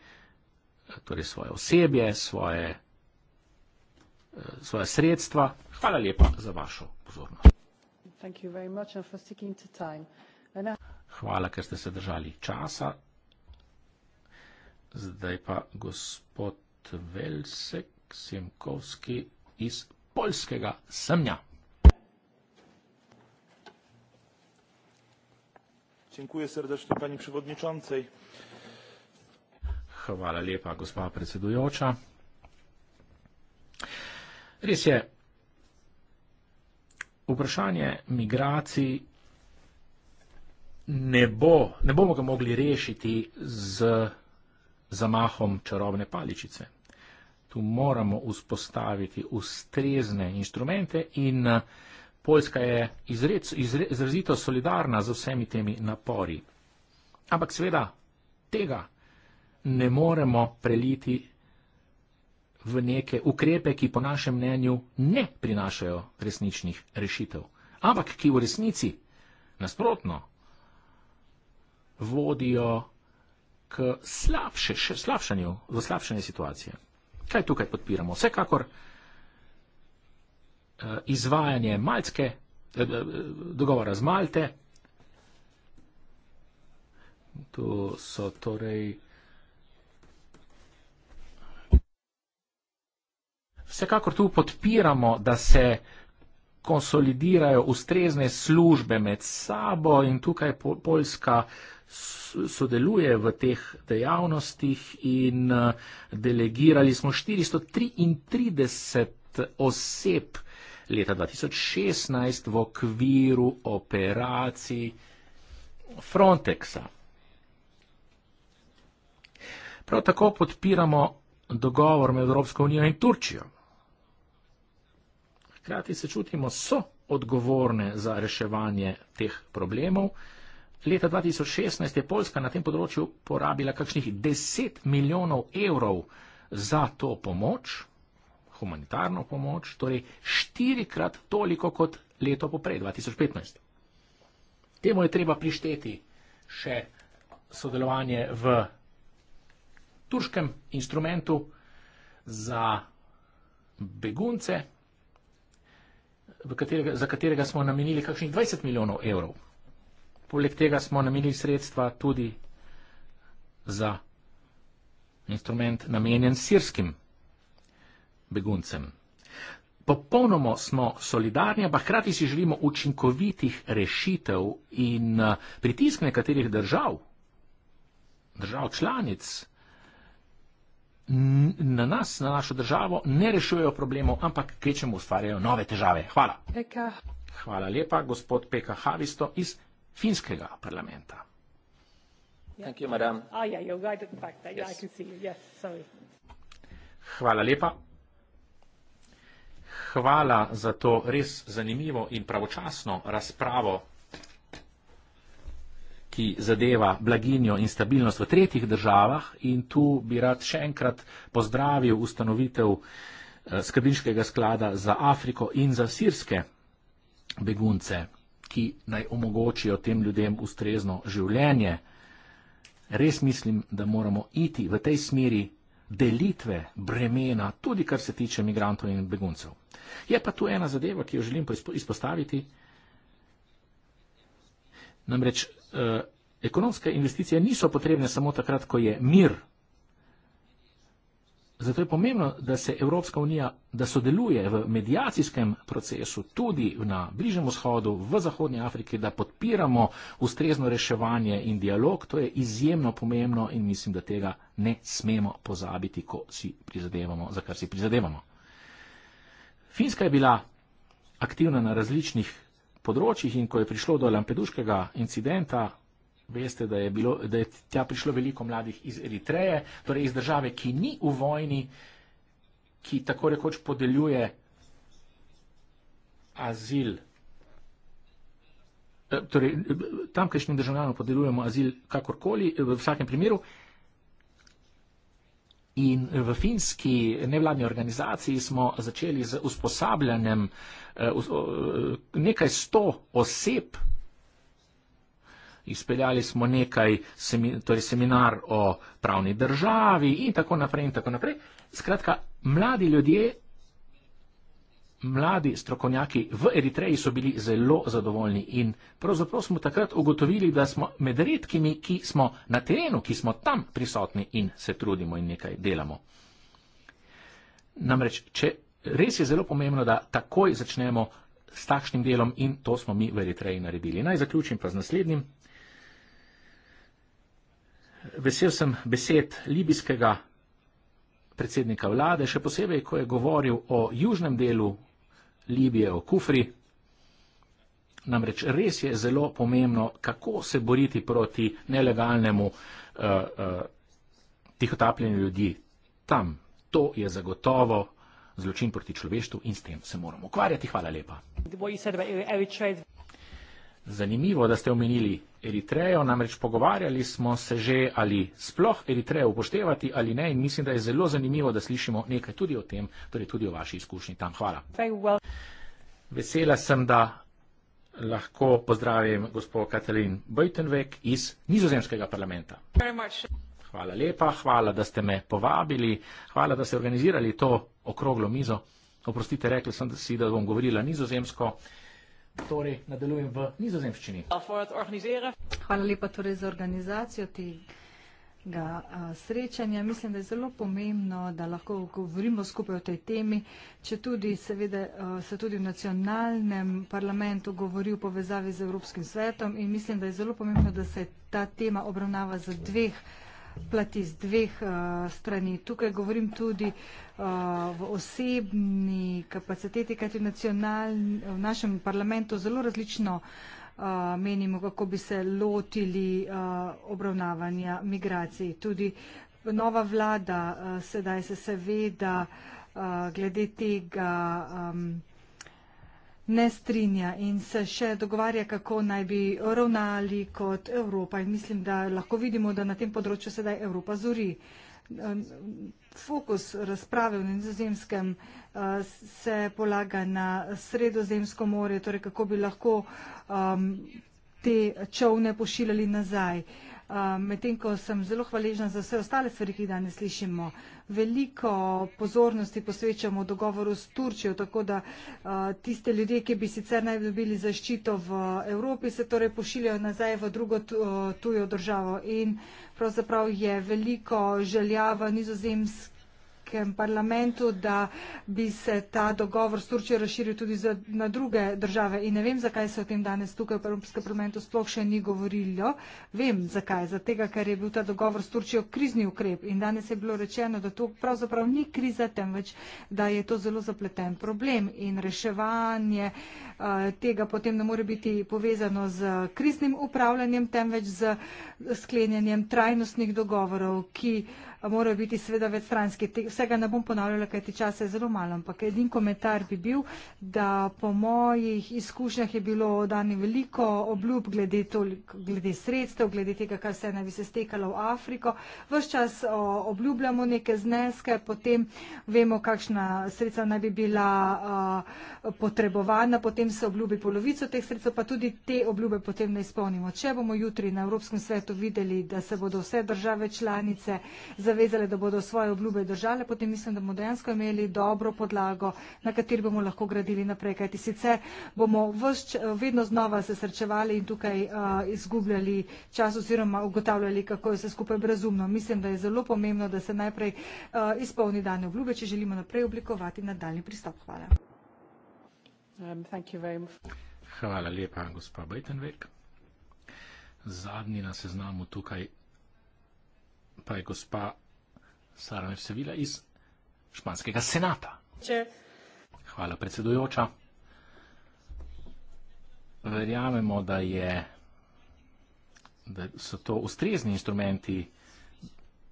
torej svoje osebje, svoje, svoje sredstva. Hvala lepa za vašo pozornost. Hvala, ker ste se držali časa. Zdaj pa gospod Velsek Simkovski iz Poljskega Semnja. Dziękuję serdecznie Pani Przewodniczącej. Hvala lepa, gospa predsedujoča. Res je, vprašanje migracij ne, bo, ne bomo ga mogli rešiti z zamahom čarobne paličice. Tu moramo vzpostaviti ustrezne inštrumente in eh, Poljska je izrec, izre, izrazito solidarna z vsemi temi napori. Ampak seveda tega ne moremo preliti v neke ukrepe, ki po našem mnenju ne prinašajo resničnih rešitev. Ampak ki v resnici nasprotno vodijo k slabše, še slabšanju, v slabšanje situacije. Kaj tukaj podpiramo? Vsekakor eh, izvajanje Malcke, eh, eh, dogovora z Malte. Tu so torej Vsekakor tu podpiramo, da se konsolidirajo ustrezne službe med sabo in tukaj Poljska sodeluje v teh dejavnostih in eh, delegirali smo 433 oseb leta 2016 v okviru operacij Frontexa. Prav tako podpiramo dogovor med Evropsko unijo in Turčijo. Hkrati se čutimo so odgovorne za reševanje teh problemov. Leta 2016 je Poljska na tem področju porabila kakšnih 10 milijonov evrov za to pomoč, humanitarno pomoč, torej štirikrat toliko kot leto poprej, 2015. Temu je treba prišteti še sodelovanje v turškem instrumentu za begunce, katerega, za katerega smo namenili kakšnih 20 milijonov evrov. Poleg tega smo namenili sredstva tudi za instrument namenjen sirskim beguncem. Popolnoma smo solidarni, pa hkrati si želimo učinkovitih rešitev in eh, pritisk nekaterih držav, držav članic, na nas, na našo državo, ne rešujejo problemov, ampak kvečemu ustvarjajo nove težave. Hvala. Peka. Hvala lepa, gospod Peka Havisto iz finskega parlamenta. Ah, Hvala lepa. Hvala za to res zanimivo in pravočasno razpravo, ki zadeva blaginjo in stabilnost v tretjih državah. In tu bi rad še enkrat pozdravil ustanovitev eh, skrbniškega sklada za Afriko in za sirske begunce ki naj omogočijo tem ljudem ustrezno življenje. Res mislim, da moramo iti v tej smeri delitve bremena, tudi kar se tiče migrantov in beguncev. Je pa tu ena zadeva, ki jo želim izpostaviti. Namreč eh, ekonomske investicije niso potrebne samo takrat, ko je mir Zato je pomembno, da se Evropska unija, da sodeluje v medijacijskem procesu tudi na Bližnem vzhodu, v Zahodnji Afriki, da podpiramo ustrezno reševanje in dialog. To je izjemno pomembno in mislim, da tega ne smemo pozabiti, ko si prizadevamo, za kar si prizadevamo. Finska je bila aktivna na različnih področjih in ko je prišlo do Lampeduškega incidenta, Veste, da je, bilo, da je tja prišlo veliko mladih iz Eritreje, torej iz države, ki ni v vojni, ki tako rekoč podeljuje azil. Eh, torej, tam, kajšnjim državljanom podeljujemo azil kakorkoli, eh, v vsakem primeru. In v finski nevladni organizaciji smo začeli z usposabljanjem eh, nekaj sto oseb, izpeljali smo nekaj, semi, torej seminar o pravni državi in tako naprej in tako naprej. Skratka, mladi ljudje, mladi strokovnjaki v Eritreji so bili zelo zadovoljni in pravzaprav smo takrat ugotovili, da smo med redkimi, ki smo na terenu, ki smo tam prisotni in se trudimo in nekaj delamo. Namreč, če res je zelo pomembno, da takoj začnemo s takšnim delom in to smo mi v Eritreji naredili. Naj zaključim pa z naslednjim Vesel sem besed libijskega predsednika vlade, še posebej, ko je govoril o južnem delu Libije, o Kufri. Namreč res je zelo pomembno, kako se boriti proti nelegalnemu uh, uh, tihotapljenju ljudi tam. To je zagotovo zločin proti človeštvu in s tem se moramo ukvarjati. Hvala lepa. Zanimivo, da ste omenili Eritrejo, namreč pogovarjali smo se že ali sploh Eritrejo upoštevati ali ne in mislim, da je zelo zanimivo, da slišimo nekaj tudi o tem, torej tudi o vaši izkušnji tam. Hvala. Vesela sem, da lahko pozdravim gospod Katalin Bojtenvek iz nizozemskega parlamenta. Hvala lepa, hvala, da ste me povabili, hvala, da ste organizirali to okroglo mizo. Oprostite, rekli sem si, da bom govorila nizozemsko. Torej, nadaljujem v nizozemščini. Ja, Hvala lepa torej za organizacijo tega a, srečanja. Mislim, da je zelo pomembno, da lahko govorimo skupaj o tej temi, če tudi seveda, a, se tudi v nacionalnem parlamentu govori v povezavi z Evropskim svetom in mislim, da je zelo pomembno, da se ta tema obravnava z dveh plati z dveh uh, strani. Tukaj govorim tudi uh, v osebni kapaciteti, kajti v našem parlamentu zelo različno uh, menimo, kako bi se lotili uh, obravnavanja migracij. Tudi nova vlada uh, sedaj se seveda uh, glede tega. Um, ne strinja in se še dogovarja, kako naj bi ravnali kot Evropa. In mislim, da lahko vidimo, da na tem področju sedaj Evropa zori. Fokus razprave v nizozemskem eh, se polaga na sredozemsko more, torej kako bi lahko um, te čovne pošiljali nazaj. Um, Medtem ko sem zelo hvaležna za vse ostale stvari, ki jih danes slišimo veliko pozornosti posvečamo dogovoru s Turčijo, tako da tiste ljudje, ki bi sicer naj dobili zaščito v Evropi, se torej pošiljajo nazaj v drugo tujo državo. In pravzaprav je veliko željava nizozemske Evropskem parlamentu, da bi se ta dogovor s Turčijo razširil tudi za, na druge države. In ne vem, zakaj se o tem danes tukaj v Evropskem parlamentu sploh še ni govorilo. Vem, zakaj. Zato, ker je bil ta dogovor s Turčijo krizni ukrep. In danes je bilo rečeno, da to pravzaprav ni kriza, temveč da je to zelo zapleten problem. In reševanje uh, tega potem ne more biti povezano z kriznim upravljanjem, temveč z sklenjenjem trajnostnih dogovorov, ki uh, morajo biti seveda večstranski. Vsega ne bom ponavljala, kajti časa je zelo malo, ampak edin komentar bi bil, da po mojih izkušnjah je bilo dani veliko obljub glede, toliko, glede sredstev, glede tega, kar se naj bi se stekalo v Afriko. Vse čas obljubljamo neke zneske, potem vemo, kakšna sredstva naj bi bila a, potrebovana, potem se obljubi polovico teh sredstev, pa tudi te obljube potem ne izpolnimo. Če bomo jutri na Evropskem svetu videli, da se bodo vse države članice zavedali, zavezale, da bodo svoje obljube držale, potem mislim, da bomo dejansko imeli dobro podlago, na kateri bomo lahko gradili naprej. Kajti sicer bomo vsč, vedno znova se srečevali in tukaj uh, izgubljali čas oziroma ugotavljali, kako je vse skupaj brezumno. Mislim, da je zelo pomembno, da se najprej uh, izpolni dane obljube, če želimo naprej oblikovati nadaljni pristop. Hvala. Um, Hvala lepa, gospa Bejtenvek. Zadnji na seznamu tukaj pa je gospa Sara Nevsevila iz Španskega senata. Če. Hvala, predsedujoča. Verjamemo, da, je, da so to ustrezni instrumenti,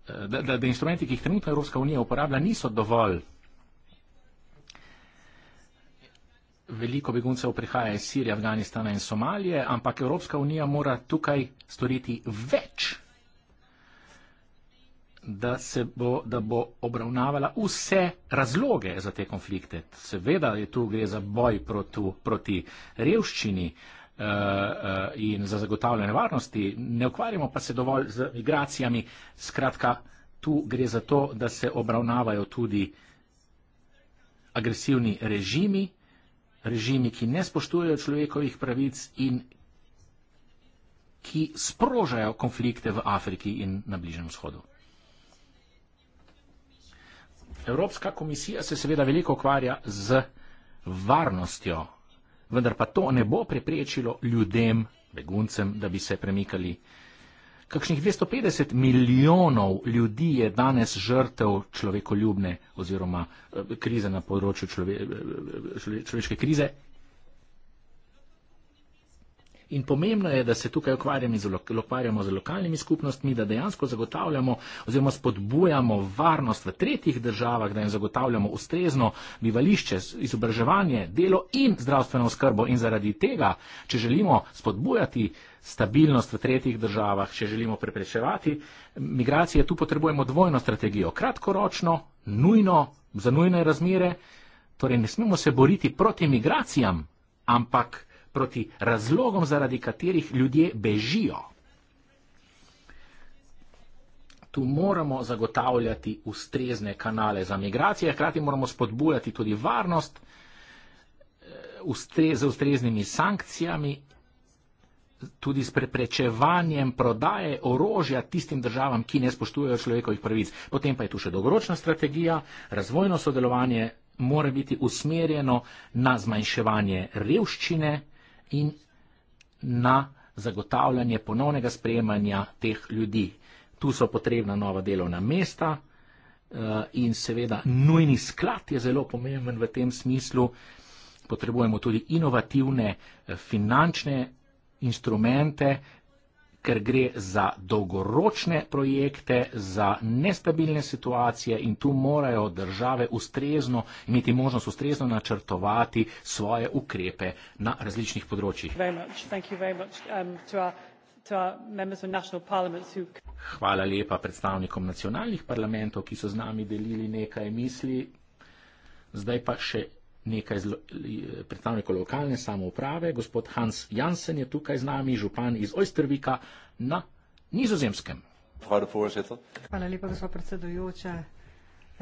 da, da, da instrumenti, ki jih trenutno Evropska unija uporablja, niso dovolj. Veliko beguncev prihaja iz Sirije, Afganistana in Somalije, ampak Evropska unija mora tukaj storiti več da, bo, da bo obravnavala vse razloge za te konflikte. Seveda je tu gre za boj proti, proti revščini eh, eh, in za zagotavljanje varnosti, ne ukvarjamo pa se dovolj z migracijami. Skratka, tu gre za to, da se obravnavajo tudi agresivni režimi, režimi, ki ne spoštujejo človekovih pravic in ki sprožajo konflikte v Afriki in na Bližnem vzhodu. Evropska komisija se seveda veliko ukvarja z varnostjo, vendar pa to ne bo preprečilo ljudem, beguncem, da bi se premikali. Kakšnih 250 milijonov ljudi je danes žrtev človekoljubne oziroma eh, krize na področju eh, eh, človeške krize In pomembno je, da se tukaj ukvarjamo z lokalnimi skupnostmi, da dejansko zagotavljamo oziroma spodbujamo varnost v tretjih državah, da jim zagotavljamo ustrezno bivališče, izobraževanje, delo in zdravstveno oskrbo. In zaradi tega, če želimo spodbujati stabilnost v tretjih državah, če želimo preprečevati migracije, tu potrebujemo dvojno strategijo. Kratkoročno, nujno, za nujne razmere. Torej ne smemo se boriti proti migracijam, ampak proti razlogom, zaradi katerih ljudje bežijo. Tu moramo zagotavljati ustrezne kanale za migracije, hkrati moramo spodbujati tudi varnost eh, ustre, z ustreznimi sankcijami, tudi s preprečevanjem prodaje orožja tistim državam, ki ne spoštujejo človekovih pravic. Potem pa je tu še dolgoročna strategija, razvojno sodelovanje mora biti usmerjeno na zmanjševanje revščine in na zagotavljanje ponovnega sprejemanja teh ljudi. Tu so potrebna nova delovna mesta eh, in seveda nujni sklad je zelo pomemben v tem smislu. Potrebujemo tudi inovativne eh, finančne instrumente, ker gre za dolgoročne projekte, za nestabilne situacije in tu morajo države ustrezno imeti možnost ustrezno načrtovati svoje ukrepe na različnih področjih. Um, Hvala lepa predstavnikom nacionalnih parlamentov, ki so z nami delili nekaj misli. Zdaj pa še nekaj zlo, predstavnikov lokalne samouprave. Gospod Hans Jansen je tukaj z nami, župan iz Ojstrvika na Nizozemskem. Hvala lepa, gospod predsedujoče.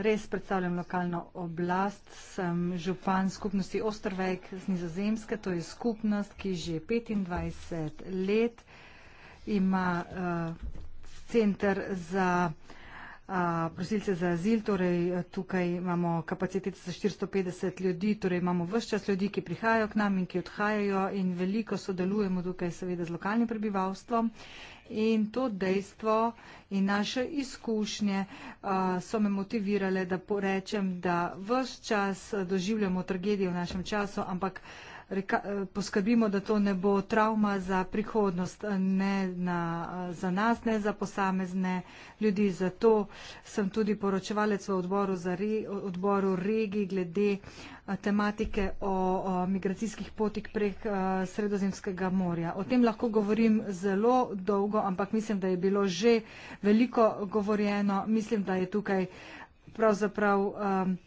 Res predstavljam lokalno oblast. Sem župan skupnosti Ostrvek z Nizozemske. To je skupnost, ki že 25 let ima uh, center za prosilce za azil, torej tukaj imamo kapacitet za 450 ljudi, torej imamo vse čas ljudi, ki prihajajo k nam in ki odhajajo in veliko sodelujemo tukaj seveda z lokalnim prebivalstvom. In to dejstvo in naše izkušnje uh, so me motivirale, da porečem, da vse čas doživljamo tragedijo v našem času, ampak uh, reka, eh, poskrbimo, da to ne bo travma za prihodnost, eh, ne na, eh, za nas, ne za posamezne ljudi. Zato sem tudi poročevalec v odboru, za, odboru regij glede tematike o, o migracijskih potik prek Sredozemskega morja. O tem lahko govorim zelo dolgo, ampak mislim, da je bilo že veliko govorjeno. Mislim, da je tukaj pravzaprav. Um,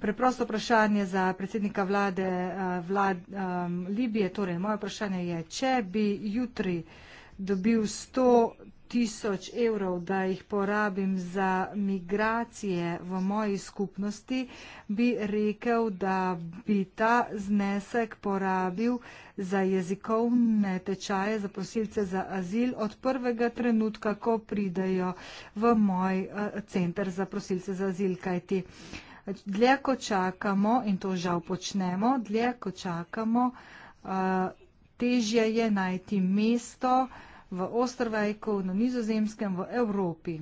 Preprosto vprašanje za predsednika vlade eh, vlad, um, Libije. Torej, moje vprašanje je, če bi jutri dobil 100 tisoč evrov, da jih porabim za migracije v moji skupnosti, bi rekel, da bi ta znesek porabil za jezikovne tečaje, za prosilce za azil od prvega trenutka, ko pridajo v moj uh, center za prosilce za azil, kajti uh, dlje ko čakamo, in to žal počnemo, dlje ko čakamo, eh, težje je najti mesto v Ostrvajku, na nizozemskem, v Evropi.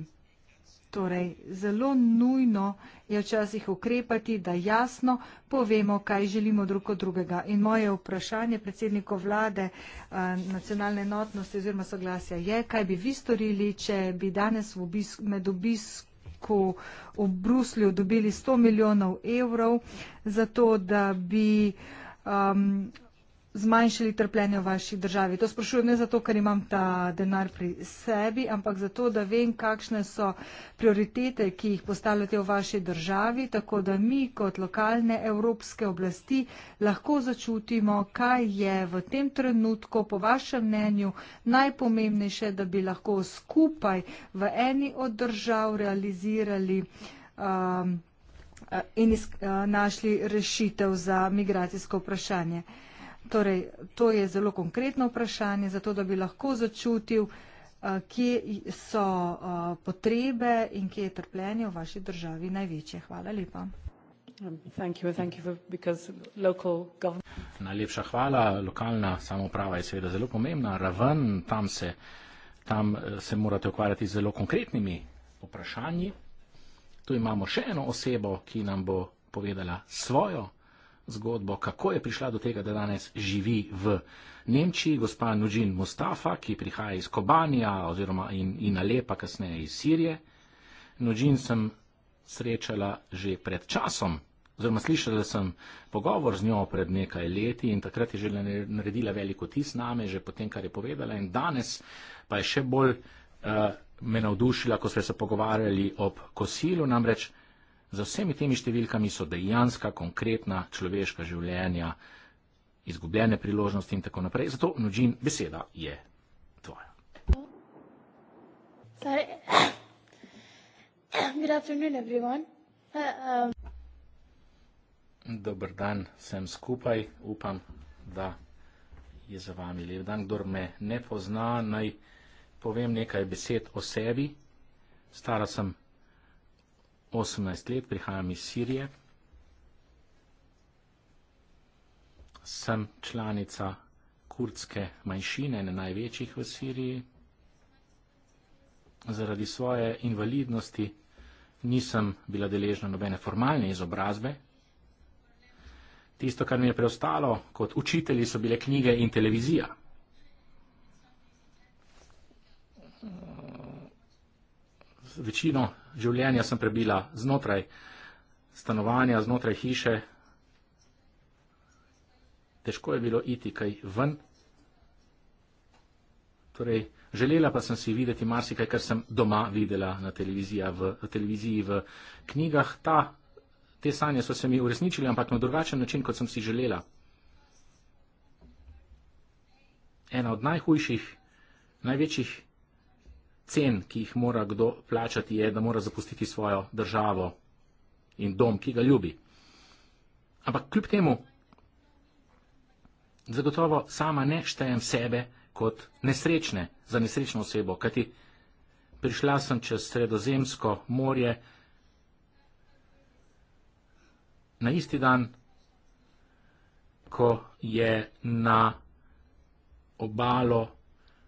Torej, zelo nujno je včasih ukrepati, da jasno povemo, kaj želimo drug od drugega. In moje vprašanje predsedniku vlade eh, nacionalne enotnosti oziroma soglasja je, kaj bi vi storili, če bi danes v obisk, med obisk ko v Bruslju dobili 100 milijonov evrov za to, da bi um, zmanjšali trpljenje v vaši državi. To sprašujem ne zato, ker imam ta denar pri sebi, ampak zato, da vem, kakšne so prioritete, ki jih postavljate v vaši državi, tako da mi kot lokalne evropske oblasti lahko začutimo, kaj je v tem trenutku, po vašem mnenju, najpomembnejše, da bi lahko skupaj v eni od držav realizirali. Um, uh, in uh, našli rešitev za migracijsko vprašanje. Torej, to je zelo konkretno vprašanje, zato da bi lahko začutil, eh, kje so eh, potrebe in kje je trpljenje v vaši državi največje. Hvala lepa. Thank you, thank you for, Najlepša hvala. Lokalna samoprava je seveda zelo pomembna. Raven, tam se, tam eh, se morate ukvarjati z zelo konkretnimi vprašanji. Tu imamo še eno osebo, ki nam bo povedala svojo zgodbo, kako je prišla do tega, da danes živi v Nemčiji, gospa Nužin Mustafa, ki prihaja iz Kobanija oziroma in, in Alepa, kasneje iz Sirije. Nužin sem srečala že pred časom, oziroma slišala sem pogovor z njo pred nekaj leti in takrat je že naredila veliko tis name, že potem, kar je povedala in danes pa je še bolj uh, me navdušila, ko smo se pogovarjali ob kosilu, namreč za vsemi temi številkami so dejanska, konkretna človeška življenja, izgubljene priložnosti in tako naprej. Zato, nožin, beseda je tvoja. Sorry. Good afternoon, everyone. Uh, um. Dober dan, sem skupaj. Upam, da je za vami lep dan. Kdor me ne pozna, naj povem nekaj besed o sebi. Stara sem 18 let, prihajam iz Sirije. Sem članica kurdske manjšine, ne največjih v Siriji. Zaradi svoje invalidnosti nisem bila deležna nobene formalne izobrazbe. Tisto, kar mi je preostalo kot učitelji, so bile knjige in televizija. večino življenja sem prebila znotraj stanovanja, znotraj hiše. Težko je bilo iti kaj ven. Torej, želela pa sem si videti marsikaj, kar sem doma videla na televiziji, v, v televiziji, v knjigah. Ta, te sanje so se mi uresničile, ampak na drugačen način, kot sem si želela. Ena od najhujših, največjih cen, ki jih mora kdo plačati, je, da mora zapustiti svojo državo in dom, ki ga ljubi. Ampak kljub temu, zagotovo sama ne štejem sebe kot nesrečne, za nesrečno osebo, kajti prišla sem čez sredozemsko morje na isti dan, ko je na obalo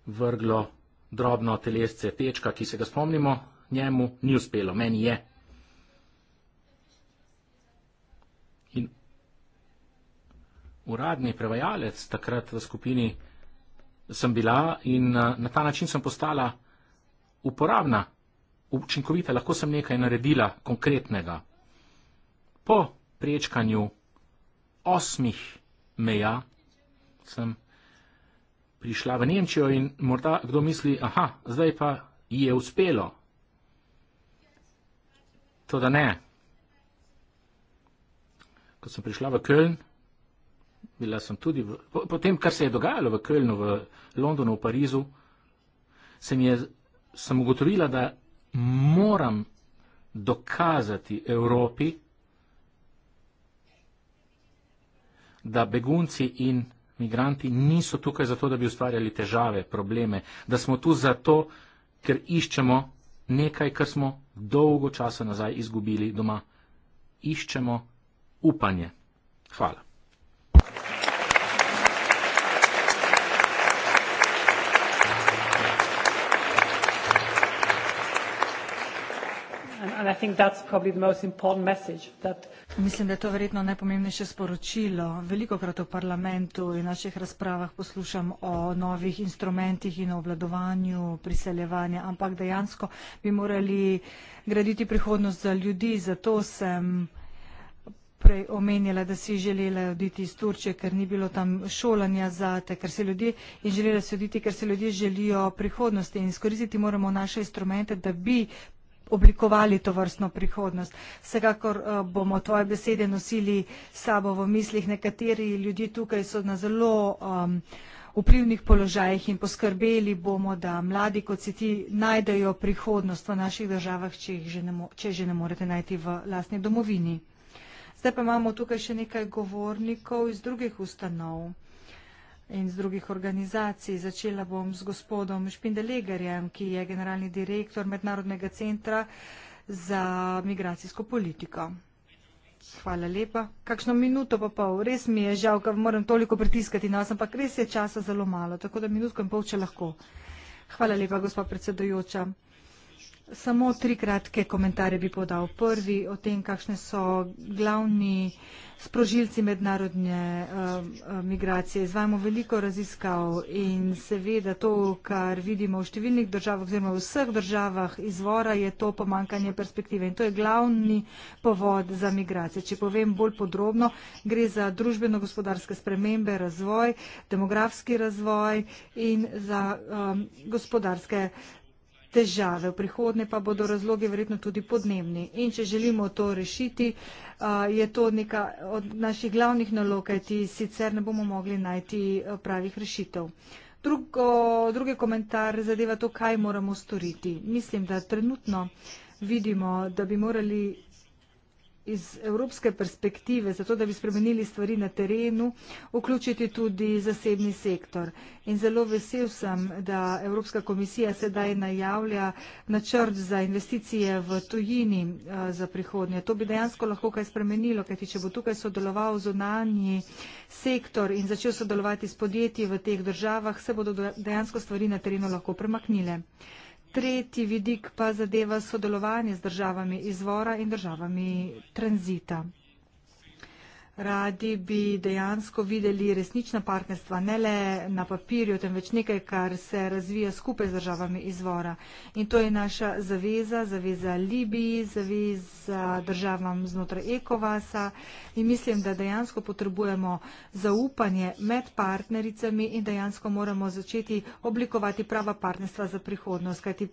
vrglo drobno telesce tečka, ki se ga spomnimo, njemu ni uspelo, meni je. In uradni prevajalec takrat v skupini sem bila in eh, na ta način sem postala uporabna, učinkovita, lahko sem nekaj naredila konkretnega. Po prečkanju osmih meja sem prišla v Nemčijo in morda kdo misli, aha, zdaj pa ji je uspelo. To da ne. Ko sem prišla v Köln, bila sem tudi, v, po, po tem, kar se je dogajalo v Kölnu, v Londonu, v Parizu, sem, je, sem ugotovila, da moram dokazati Evropi, da begunci in Migranti niso tukaj zato, da bi ustvarjali težave, probleme, da smo tu zato, ker iščemo nekaj, kar smo dolgo časa nazaj izgubili doma. Iščemo upanje. Hvala. Mislim, da je to verjetno najpomembnejše sporočilo. Velikokrat v parlamentu in naših razpravah poslušam o novih instrumentih in o obvladovanju priseljevanja, ampak dejansko bi morali graditi prihodnost za ljudi. Zato sem prej omenjala, da si želela oditi iz Turčije, ker ni bilo tam šolanja za te, ker se ljudje in želela si oditi, ker se ljudje želijo prihodnosti in izkoristiti moramo naše instrumente, da bi oblikovali to vrstno prihodnost. Vsekakor eh, bomo tvoje besede nosili sabo v mislih. Nekateri ljudje tukaj so na zelo um, vplivnih položajih in poskrbeli bomo, da mladi kot si ti najdejo prihodnost v naših državah, če, jih že, ne mo- če že ne morete najti v lastni domovini. Zdaj pa imamo tukaj še nekaj govornikov iz drugih ustanov in z drugih organizacij. Začela bom z gospodom Špindelegarjem, ki je generalni direktor Mednarodnega centra za migracijsko politiko. Hvala lepa. Kakšno minuto pa pol. Res mi je žal, ker moram toliko pritiskati na vas, ampak res je časa zelo malo, tako da minutko in pol, če lahko. Hvala lepa, gospod predsedujoča. Samo tri kratke komentarje bi podal. Prvi o tem, kakšne so glavni sprožilci mednarodne uh, migracije. Izvajamo veliko raziskav in seveda to, kar vidimo v številnih državah oziroma v vseh državah izvora, je to pomankanje perspektive in to je glavni povod za migracije. Če povem bolj podrobno, gre za družbeno-gospodarske spremembe, razvoj, demografski razvoj in za um, gospodarske težave. V prihodnje pa bodo razloge verjetno tudi podnebni. In če želimo to rešiti, je to neka od naših glavnih nalog, kajti sicer ne bomo mogli najti pravih rešitev. Drugo, drugi komentar zadeva to, kaj moramo storiti. Mislim, da trenutno vidimo, da bi morali iz evropske perspektive, zato da bi spremenili stvari na terenu, vključiti tudi zasebni sektor. In zelo vesel sem, da Evropska komisija sedaj najavlja načrt za investicije v tujini eh, za prihodnje. To bi dejansko lahko kaj spremenilo, kajti če bo tukaj sodeloval zonanji sektor in začel sodelovati s podjetji v teh državah, se bodo dejansko stvari na terenu lahko premaknile. Tretji vidik pa zadeva sodelovanje z državami izvora in državami tranzita radi bi dejansko videli resnična partnerstva, ne le na papirju, temveč nekaj, kar se razvija skupaj z državami izvora. In to je naša zaveza, zaveza Libiji, zaveza državam znotraj Ekovasa in mislim, da dejansko potrebujemo zaupanje med partnericami in dejansko moramo začeti oblikovati prava partnerstva za prihodnost, kajti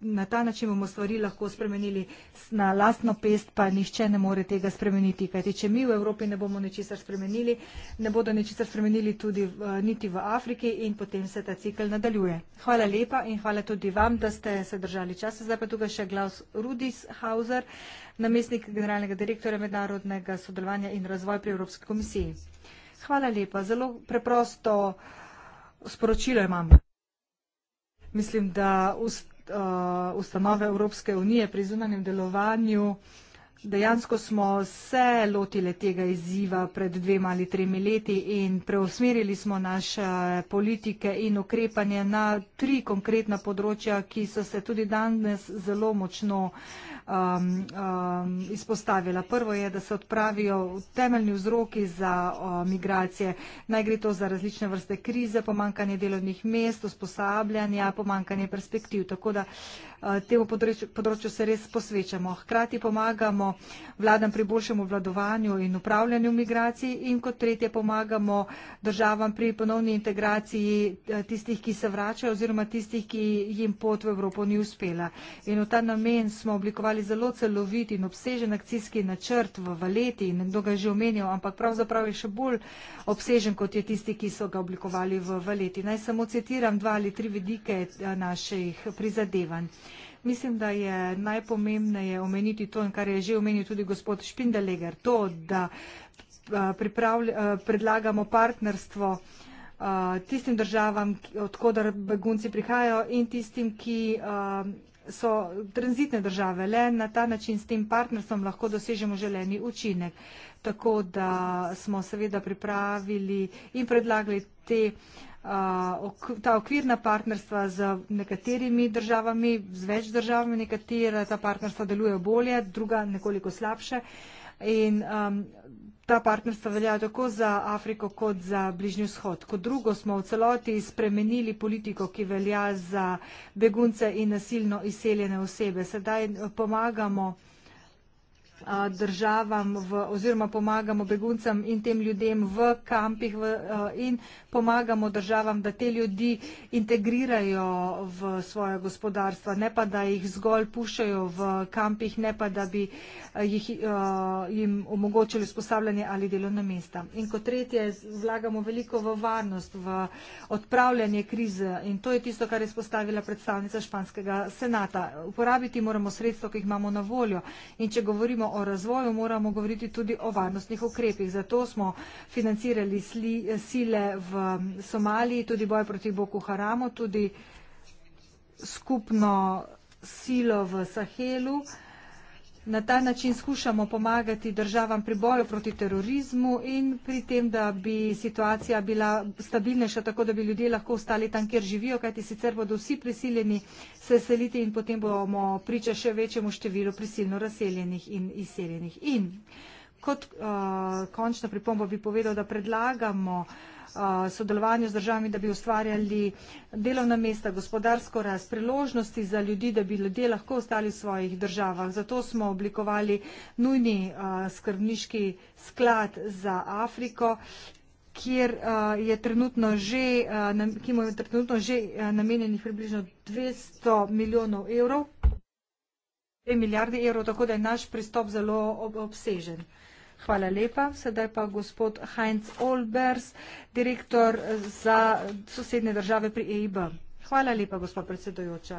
na ta način bomo stvari lahko spremenili na lastno pest, pa nihče ne more tega spremeniti. Kajti, ne bomo ničesar spremenili, ne bodo ničesar spremenili tudi niti v Afriki in potem se ta cikl nadaljuje. Hvala lepa in hvala tudi vam, da ste se držali časa. Zdaj pa tukaj še glas Rudis Hauser, namestnik generalnega direktorja mednarodnega sodelovanja in razvoja pri Evropski komisiji. Hvala lepa, zelo preprosto sporočilo imam. Mislim, da ust, uh, ustanove Evropske unije pri zunanjem delovanju Dejansko smo se lotili tega izziva pred dvema ali tremi leti in preusmerili smo naše politike in ukrepanje na tri konkretna področja, ki so se tudi danes zelo močno um, um, izpostavila. Prvo je, da se odpravijo temeljni vzroki za um, migracije. Naj gre to za različne vrste krize, pomankanje delovnih mest, usposabljanja, pomankanje perspektiv. Tako da uh, temu področju, področju se res posvečamo. Hkrati pomagamo vladam pri boljšem obvladovanju in upravljanju migracij in kot tretje pomagamo državam pri ponovni integraciji eh, tistih, ki se vračajo oziroma tistih, ki jim pot v Evropo ni uspela. In v ta namen smo oblikovali zelo celovit in obsežen akcijski načrt v Valeti, nekdo ga že omenil, ampak pravzaprav je še bolj obsežen kot je tisti, ki so ga oblikovali v Valeti. Naj samo citiram dva ali tri vidike eh, naših prizadevanj. Mislim, da je najpomembneje omeniti to, kar je že omenil tudi gospod Špindeleger, to, da predlagamo partnerstvo tistim državam, odkudar begunci prihajajo in tistim, ki so tranzitne države. Le na ta način s tem partnerstvom lahko dosežemo želeni učinek. Tako da smo seveda pripravili in predlagali te uh, ok, ta okvirna partnerstva z nekaterimi državami, z več državami, nekatera ta partnerstva delujejo bolje, druga nekoliko slabše. In um, ta partnerstva veljajo tako za Afriko kot za Bližnji vzhod. Kot drugo smo v celoti spremenili politiko, ki velja za begunce in nasilno izseljene osebe. Sedaj pomagamo državam v, oziroma pomagamo beguncem in tem ljudem v kampih v, in pomagamo državam, da te ljudi integrirajo v svoje gospodarstva, ne pa da jih zgolj pušajo v kampih, ne pa da bi jih, jim omogočili usposabljanje ali delovna mesta. In kot tretje, vlagamo veliko v varnost, v odpravljanje krize in to je tisto, kar je spostavila predstavnica Španskega senata. Uporabiti moramo sredstvo, ki jih imamo na voljo in če govorimo o razvoju, moramo govoriti tudi o varnostnih ukrepih. Zato smo financirali sli, sile v Somaliji, tudi boj proti Boku Haramu, tudi skupno silo v Sahelu. Na ta način skušamo pomagati državam pri boju proti terorizmu in pri tem, da bi situacija bila stabilnejša, tako da bi ljudje lahko ostali tam, kjer živijo, kajti sicer bodo vsi prisiljeni se seliti in potem bomo priča še večjemu številu prisilno razseljenih in izseljenih. In Kot uh, končno pripombo bi povedal, da predlagamo uh, eh, sodelovanju z državami, da bi ustvarjali delovna mesta, gospodarsko rast, priložnosti za ljudi, da bi ljudje lahko ostali v svojih državah. Zato smo oblikovali nujni uh, skrbniški sklad za Afriko, kjer, uh, je že, uh, nam, ki mu je trenutno že uh, namenjenih približno 200 milijonov evrov. 2 milijarde evrov, tako da je naš pristop zelo obsežen. Hvala lepa. Sedaj pa gospod Heinz Olbers, direktor za sosednje države pri EIB. Hvala lepa, gospod predsedojoča.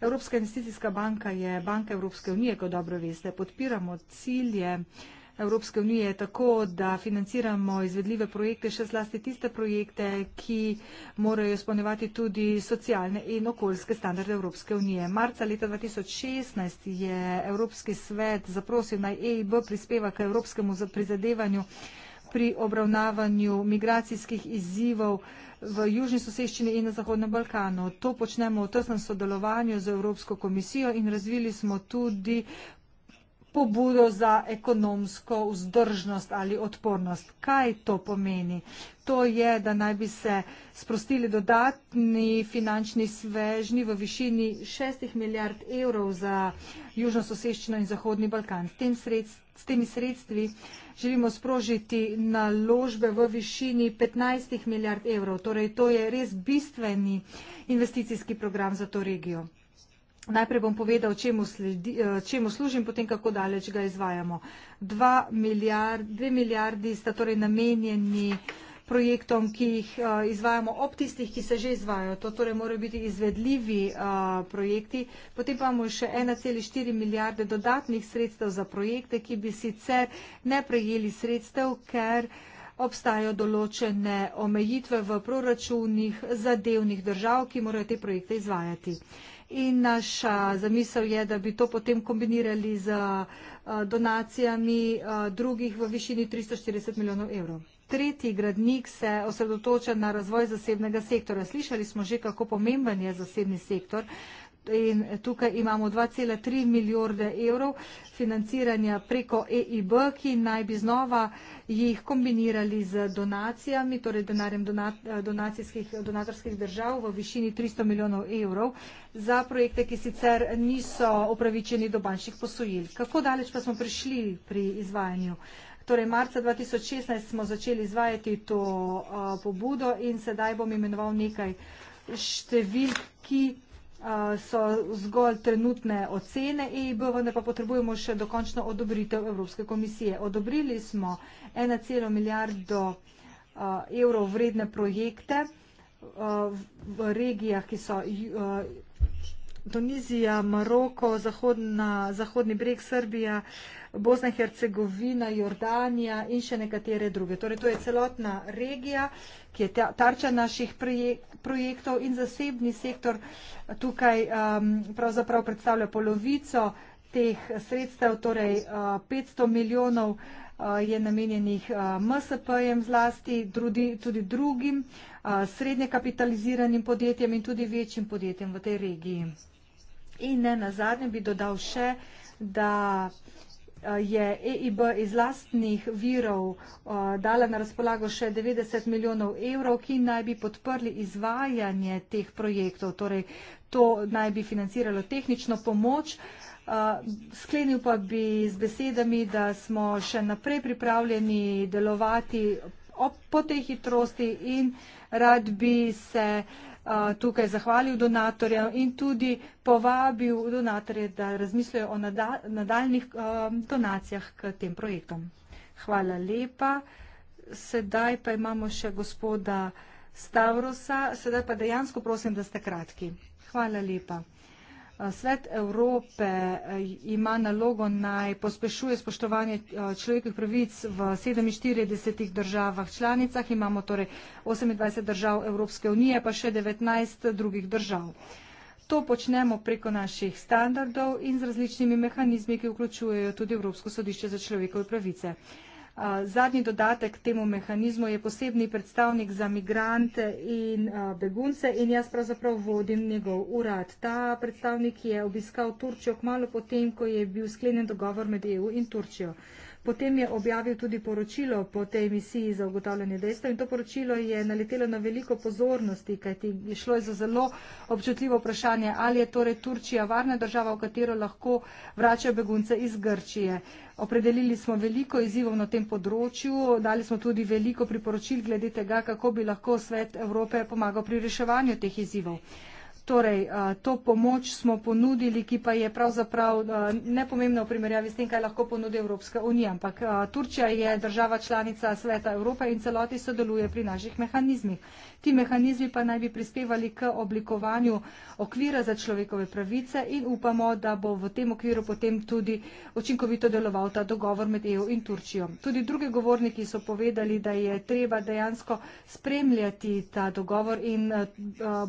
Evropska investicijska banka je banka Evropske unije, kot dobro veste. Podpiramo cilje eh, Evropske unije je tako, da financiramo izvedljive projekte, še zlasti tiste projekte, ki morajo spolnevati tudi socialne in okoljske standarde Evropske unije. Marca leta 2016 je Evropski svet zaprosil naj EIB prispeva k evropskemu prizadevanju pri obravnavanju migracijskih izzivov v Južni soseščini in na Zahodnem Balkanu. To počnemo v tesnem sodelovanju z Evropsko komisijo in razvili smo tudi pobudo za ekonomsko vzdržnost ali odpornost. Kaj to pomeni? To je, da naj bi se sprostili dodatni finančni svežni v višini 6 milijard evrov za Južno soseščino in Zahodni Balkan. S temi sredstvi želimo sprožiti naložbe v višini 15 milijard evrov. Torej, to je res bistveni investicijski program za to regijo. Najprej bom povedal, čemu, sledi, eh, čemu služim, potem kako daleč ga izvajamo. Dva milijard, dve milijardi sta torej namenjeni projektom, ki jih eh, izvajamo ob tistih, ki se že izvajajo. To torej morajo biti izvedljivi eh, projekti. Potem pa imamo še 1,4 milijarde dodatnih sredstev za projekte, ki bi sicer ne prejeli sredstev, ker obstajajo določene omejitve v proračunih zadevnih držav, ki morajo te projekte izvajati in naša zamisel je, da bi to potem kombinirali z eh, donacijami eh, drugih v višini 340 milijonov evrov. Tretji gradnik se osredotoča na razvoj zasebnega sektora. Slišali smo že, kako pomemben je zasebni sektor in tukaj imamo 2,3 milijarde evrov financiranja preko EIB, ki naj bi znova jih kombinirali z donacijami, torej denarjem donat, donatorskih držav v višini 300 milijonov evrov za projekte, ki sicer niso upravičeni do bančnih posojil. Kako daleč pa smo prišli pri izvajanju? Torej, marca 2016 smo začeli izvajati to uh, pobudo in sedaj bom imenoval nekaj številk, ki so zgolj trenutne ocene EIB, vendar pa potrebujemo še dokončno odobritev Evropske komisije. Odobrili smo 1,1 milijardo evrov vredne projekte v regijah, ki so Tunizija, Maroko, Zahodni breg, Srbija, Bosna in Hercegovina, Jordanija in še nekatere druge. Torej, to je celotna regija, ki je tarča naših projektov in zasebni sektor tukaj um, pravzaprav predstavlja polovico teh sredstev, torej 500 uh, milijonov uh, je namenjenih uh, MSP-jem zlasti, tudi drugim srednje kapitaliziranim podjetjem in tudi večjim podjetjem v tej regiji. In ne nazadnje bi dodal še, da Eh, je EIB iz lastnih virov eh, dala na razpolago še 90 milijonov evrov, ki naj bi podprli izvajanje teh projektov. Torej, to naj bi financiralo tehnično pomoč. Eh, sklenil pa bi z besedami, da smo še naprej pripravljeni delovati po tej hitrosti in rad bi se uh, tukaj zahvalil donatorjem in tudi povabil donatorje, da razmislijo o nadaljnih donacijah k tem projektom. Hvala lepa. Sedaj pa imamo še gospoda Stavrosa, sedaj pa dejansko prosim, da ste kratki. Hvala lepa. Svet Evrope eh, ima nalogo naj pospešuje spoštovanje eh, človekovih pravic v 47 državah članicah. Imamo torej 28 držav Evropske unije, pa še 19 drugih držav. To počnemo preko naših standardov in z različnimi mehanizmi, ki vključujejo tudi Evropsko sodišče za človekove pravice. Zadnji dodatek k temu mehanizmu je posebni predstavnik za migrante in begunce in jaz pravzaprav vodim njegov urad. Ta predstavnik je obiskal Turčjo kmalo potem, ko je bil sklenjen dogovor med EU in Turčjo. Potem je objavil tudi poročilo po tej misiji za ugotavljanje dejstev in to poročilo je naletelo na veliko pozornosti, kajti šlo je za zelo občutljivo vprašanje, ali je torej Turčija varna država, v katero lahko vračajo begunce iz Grčije. Opredelili smo veliko izzivov na tem področju, dali smo tudi veliko priporočil glede tega, kako bi lahko svet Evrope pomagal pri reševanju teh izzivov. Torej, to pomoč smo ponudili, ki pa je pravzaprav nepomembna v primerjavi s tem, kaj lahko ponudi Evropska unija. Ampak Turčija je država članica Sveta Evrope in celoti sodeluje pri naših mehanizmih. Ti mehanizmi pa naj bi prispevali k oblikovanju okvira za človekove pravice in upamo, da bo v tem okviru potem tudi učinkovito deloval ta dogovor med EU in Turčijo. Tudi druge govorniki so povedali, da je treba dejansko spremljati ta dogovor in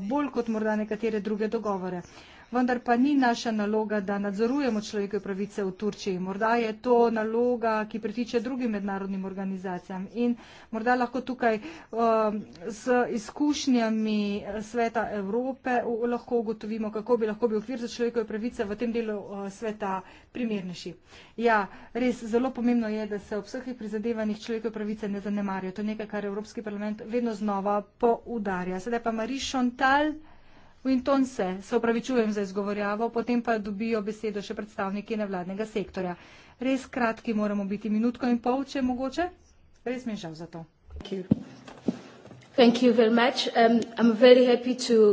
bolj kot morda nekateri nekatere druge dogovore. Vendar pa ni naša naloga, da nadzorujemo človekove pravice v Turčiji. Morda je to naloga, ki pritiče drugim mednarodnim organizacijam. In morda lahko tukaj um, s izkušnjami eh, sveta Evrope uh, lahko ugotovimo, kako bi lahko bil okvir za človekove pravice v tem delu uh, sveta primernejši. Ja, res zelo pomembno je, da se ob vseh prizadevanjih človekove pravice ne zanemarijo. To je nekaj, kar Evropski parlament vedno znova poudarja. Sedaj pa Marišon Tal. Winton se, se upravičujem za izgovorjavo, potem pa dobijo besedo še predstavniki nevladnega sektorja. Res kratki moramo biti minutko in pol, če mogoče. Res mi je žal za to. Thank you. Thank you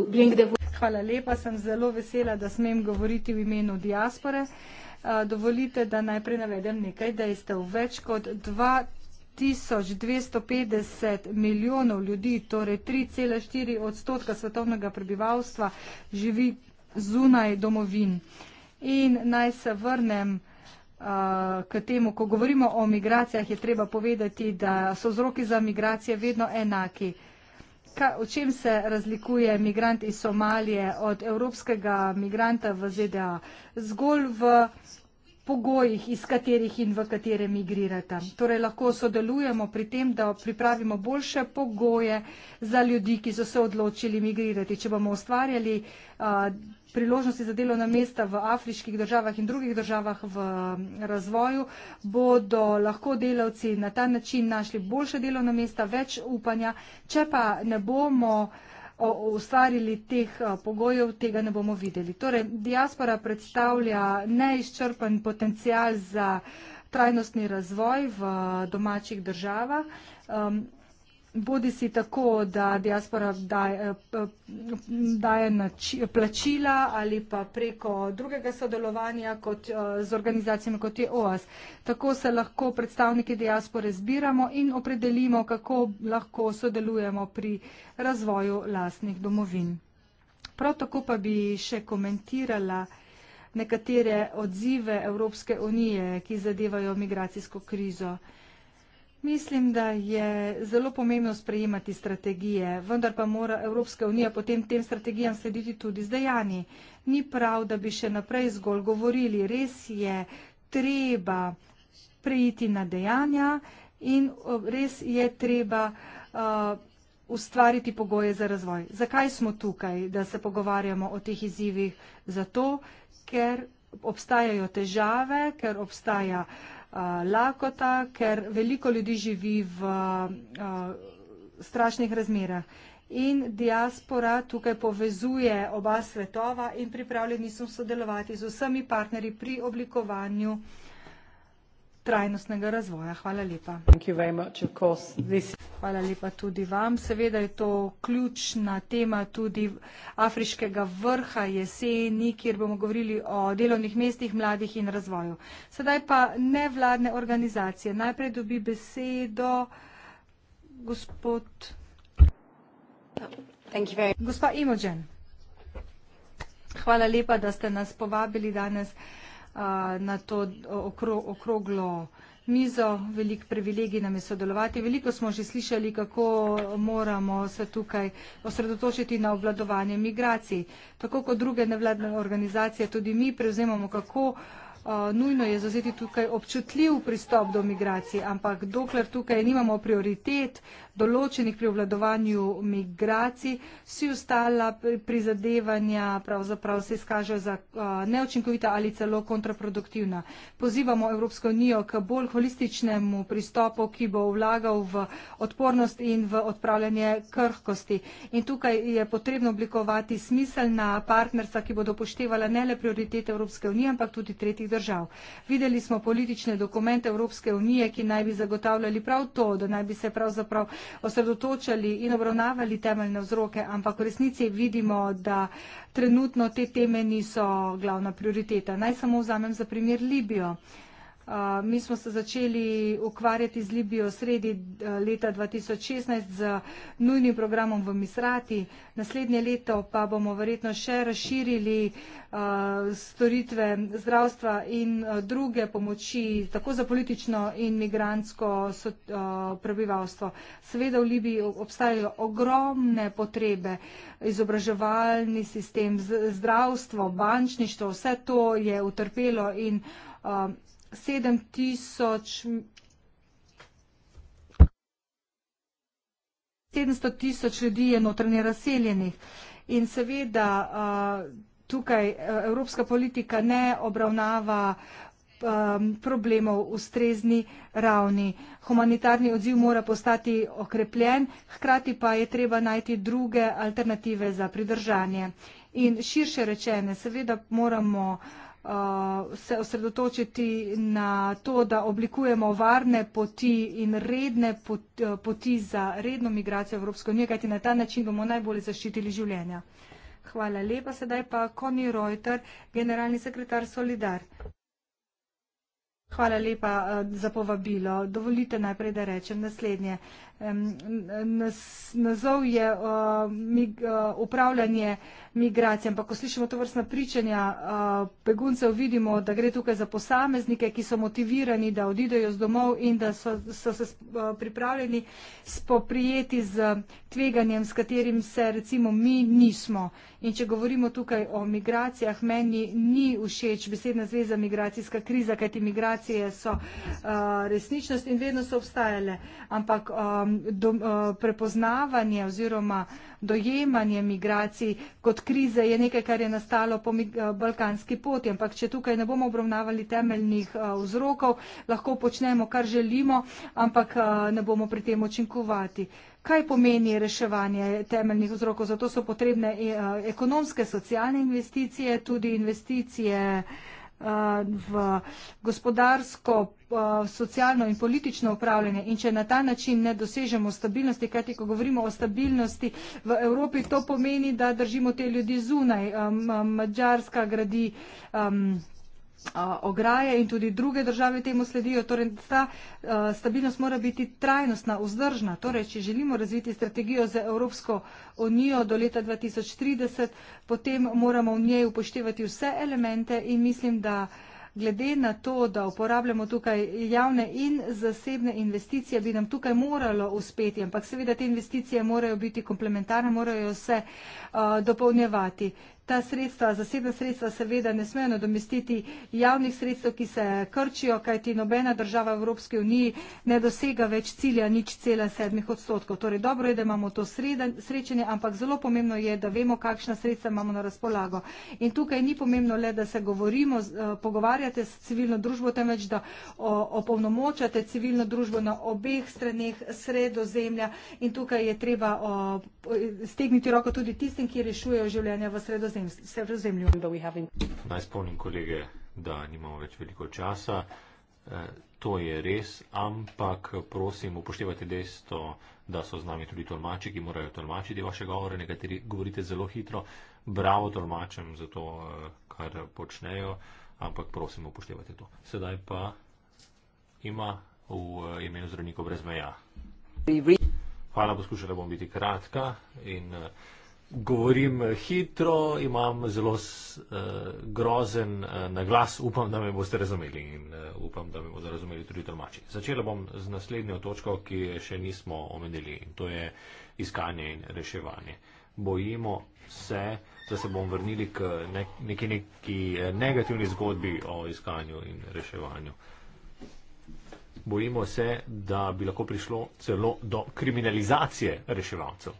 um, Hvala lepa, sem zelo vesela, da smem govoriti v imenu diaspore. Uh, dovolite, da najprej navedem nekaj dejstev. Več kot 2 tisoč dvesto petdeset milijonov ljudi, torej tri cela štiri odstotka svetovnega prebivalstva, živi zunaj domovin. In naj se vrnem uh, k temu, ko govorimo o migracijah, je treba povedati, da so vzroki za migracije vedno enaki. Ka, o čem se razlikuje migrant iz Somalije od evropskega migranta v ZDA? Zgolj v pogojih, iz katerih in v katerem igrirata. Torej lahko sodelujemo pri tem, da pripravimo boljše pogoje za ljudi, ki so se odločili migrirati. Če bomo ustvarjali a, priložnosti za delovna mesta v afriških državah in drugih državah v razvoju, bodo lahko delavci na ta način našli boljše delovna mesta, več upanja. Če pa ne bomo ustvarili teh pogojev, tega ne bomo videli. Torej, diaspora predstavlja neizčrpen potencial za trajnostni razvoj v domačih državah. Um, bodi si tako, da diaspora daje, eh, daje nači, plačila ali pa preko drugega sodelovanja kot, eh, z organizacijami kot je OAS. Tako se lahko predstavniki diaspore zbiramo in opredelimo, kako lahko sodelujemo pri razvoju lastnih domovin. Prav tako pa bi še komentirala nekatere odzive Evropske unije, ki zadevajo migracijsko krizo. Uh, Mislim, da je zelo pomembno sprejemati strategije, vendar pa mora Evropska unija potem tem strategijam slediti tudi z dejanji. Ni prav, da bi še naprej zgolj govorili. Res je treba prejiti na dejanja in res je treba uh, ustvariti pogoje za razvoj. Zakaj smo tukaj, da se pogovarjamo o teh izzivih? Zato, ker obstajajo težave, ker obstaja. Uh, Eh, lakota, ker veliko ljudi živi v uh, strašnih razmerah. In diaspora tukaj povezuje oba svetova in pripravljeni smo sodelovati z vsemi partnerji pri oblikovanju uh, trajnostnega razvoja. Hvala lepa. Hvala lepa tudi vam. Seveda je to ključna tema tudi afriškega vrha jeseni, kjer bomo govorili o delovnih mestih, mladih in razvoju. Sedaj pa nevladne organizacije. Najprej dobi besedo gospod. Gospa Imogen. Hvala lepa, da ste nas povabili danes na to okro, okroglo mizo. Velik privilegij nam je sodelovati. Veliko smo že slišali, kako moramo se tukaj osredotočiti na obvladovanje migracij. Tako kot druge nevladne organizacije, tudi mi prevzemamo, kako nujno je zazeti tukaj občutljiv pristop do migracij, ampak dokler tukaj nimamo prioritet, določenih pri obvladovanju migracij, vsi ostala prizadevanja pravzaprav se izkažejo za uh, neučinkovita ali celo kontraproduktivna. Pozivamo Evropsko unijo k bolj holističnemu pristopu, ki bo vlagal v odpornost in v odpravljanje krhkosti. In tukaj je potrebno oblikovati smiselna partnerstva, ki bodo poštevala ne le prioritete Evropske unije, ampak tudi tretjih držav. Videli smo politične dokumente Evropske unije, ki naj bi zagotavljali prav to, da naj bi se pravzaprav osredotočali in obravnavali temeljne vzroke, ampak v resnici vidimo, da trenutno te teme niso glavna prioriteta. Naj samo vzamem za primer Libijo. Uh, mi smo se začeli ukvarjati z Libijo sredi uh, leta 2016 z nujnim programom v Misrati. Naslednje leto pa bomo verjetno še razširili uh, storitve zdravstva in uh, druge pomoči tako za politično in migransko so, uh, prebivalstvo. Seveda v Libiji obstajajo ogromne potrebe. Izobraževalni sistem, zdravstvo, bančništvo, vse to je utrpelo in. Uh, 7 tisoč. 700 tisoč ljudi je notranje razseljenih in seveda eh, tukaj eh, evropska politika ne obravnava eh, problemov v strezni ravni. Humanitarni odziv mora postati okrepljen, hkrati pa je treba najti druge alternative za pridržanje. In širše rečene, seveda moramo Uh, se osredotočiti na to, da oblikujemo varne poti in redne uh, poti za redno migracijo Evropske unije, kajti na ta način bomo najbolje zaščitili življenja. Hvala lepa. Sedaj pa Koni Reuter, generalni sekretar Solidar. Hvala lepa uh, za povabilo. Dovolite najprej, da rečem naslednje nas, nazov je uh, mig, uh, upravljanje migracij. Ampak, ko slišimo to vrstna pričanja uh, beguncev, vidimo, da gre tukaj za posameznike, ki so motivirani, da odidejo z domov in da so, so se sp pripravljeni spoprijeti z tveganjem, s katerim se recimo mi nismo. In če govorimo tukaj o migracijah, meni ni všeč besedna zveza migracijska kriza, kajti migracije so uh, resničnost in vedno so obstajale. Ampak, um, Um, do, uh, prepoznavanje oziroma dojemanje migracij kot krize je nekaj, kar je nastalo po uh, balkanski poti, ampak če tukaj ne bomo obravnavali temeljnih uh, vzrokov, lahko počnemo, kar želimo, ampak ne bomo pri tem očinkovati. Kaj pomeni reševanje temeljnih vzrokov? Zato so potrebne e, ekonomske, socialne investicije, tudi investicije Eh, v gospodarsko, eh, socialno in politično upravljanje in če na ta način ne dosežemo stabilnosti, kajti ko govorimo o stabilnosti v Evropi, to pomeni, da držimo te ljudi zunaj. Eh, Mačarska gradi ograje in tudi druge države temu sledijo. Torej, ta stabilnost mora biti trajnostna, vzdržna. Torej, če želimo razviti strategijo za Evropsko unijo do leta 2030, potem moramo v njej upoštevati vse elemente in mislim, da glede na to, da uporabljamo tukaj javne in zasebne investicije, bi nam tukaj moralo uspeti, ampak seveda te investicije morajo biti komplementarne, morajo se uh, dopolnjevati ta sredstva, zasebna sredstva seveda ne smejo nadomestiti javnih sredstev, ki se krčijo, kajti nobena država Evropske unije ne dosega več cilja nič cela sedmih odstotkov. Torej dobro je, da imamo to sreden, srečenje, ampak zelo pomembno je, da vemo, kakšna sredstva imamo na razpolago. In tukaj ni pomembno le, da se govorimo, eh, pogovarjate s civilno družbo, temveč da opolnomočate civilno družbo na obeh straneh sredozemlja in tukaj je treba eh, stegniti roko tudi tistim, ki rešujejo življenja v sredozemlju vzem, se vzemljujem, da we have in. Naj spomnim kolege, da nimamo več veliko časa. E, to je res, ampak prosim upoštevati dejstvo, da so z nami tudi tolmači, ki morajo tolmačiti vaše govore. Nekateri govorite zelo hitro. Bravo tolmačem za to, e, kar počnejo, ampak prosim upoštevati to. Sedaj pa ima v e, imenu zdravnikov brez meja. Hvala, poskušala bom biti kratka. In, uh, govorim eh, hitro, imam zelo uh, grozen uh, naglas, upam, da me boste razumeli in uh, upam, da me bodo razumeli tudi tolmači. Začela bom z naslednjo točko, ki je še nismo omenili in to je iskanje in reševanje. Bojimo se, da se bom vrnili k nek, neki, neki negativni zgodbi o iskanju in reševanju. Bojimo se, da bi lahko prišlo celo do kriminalizacije reševalcev.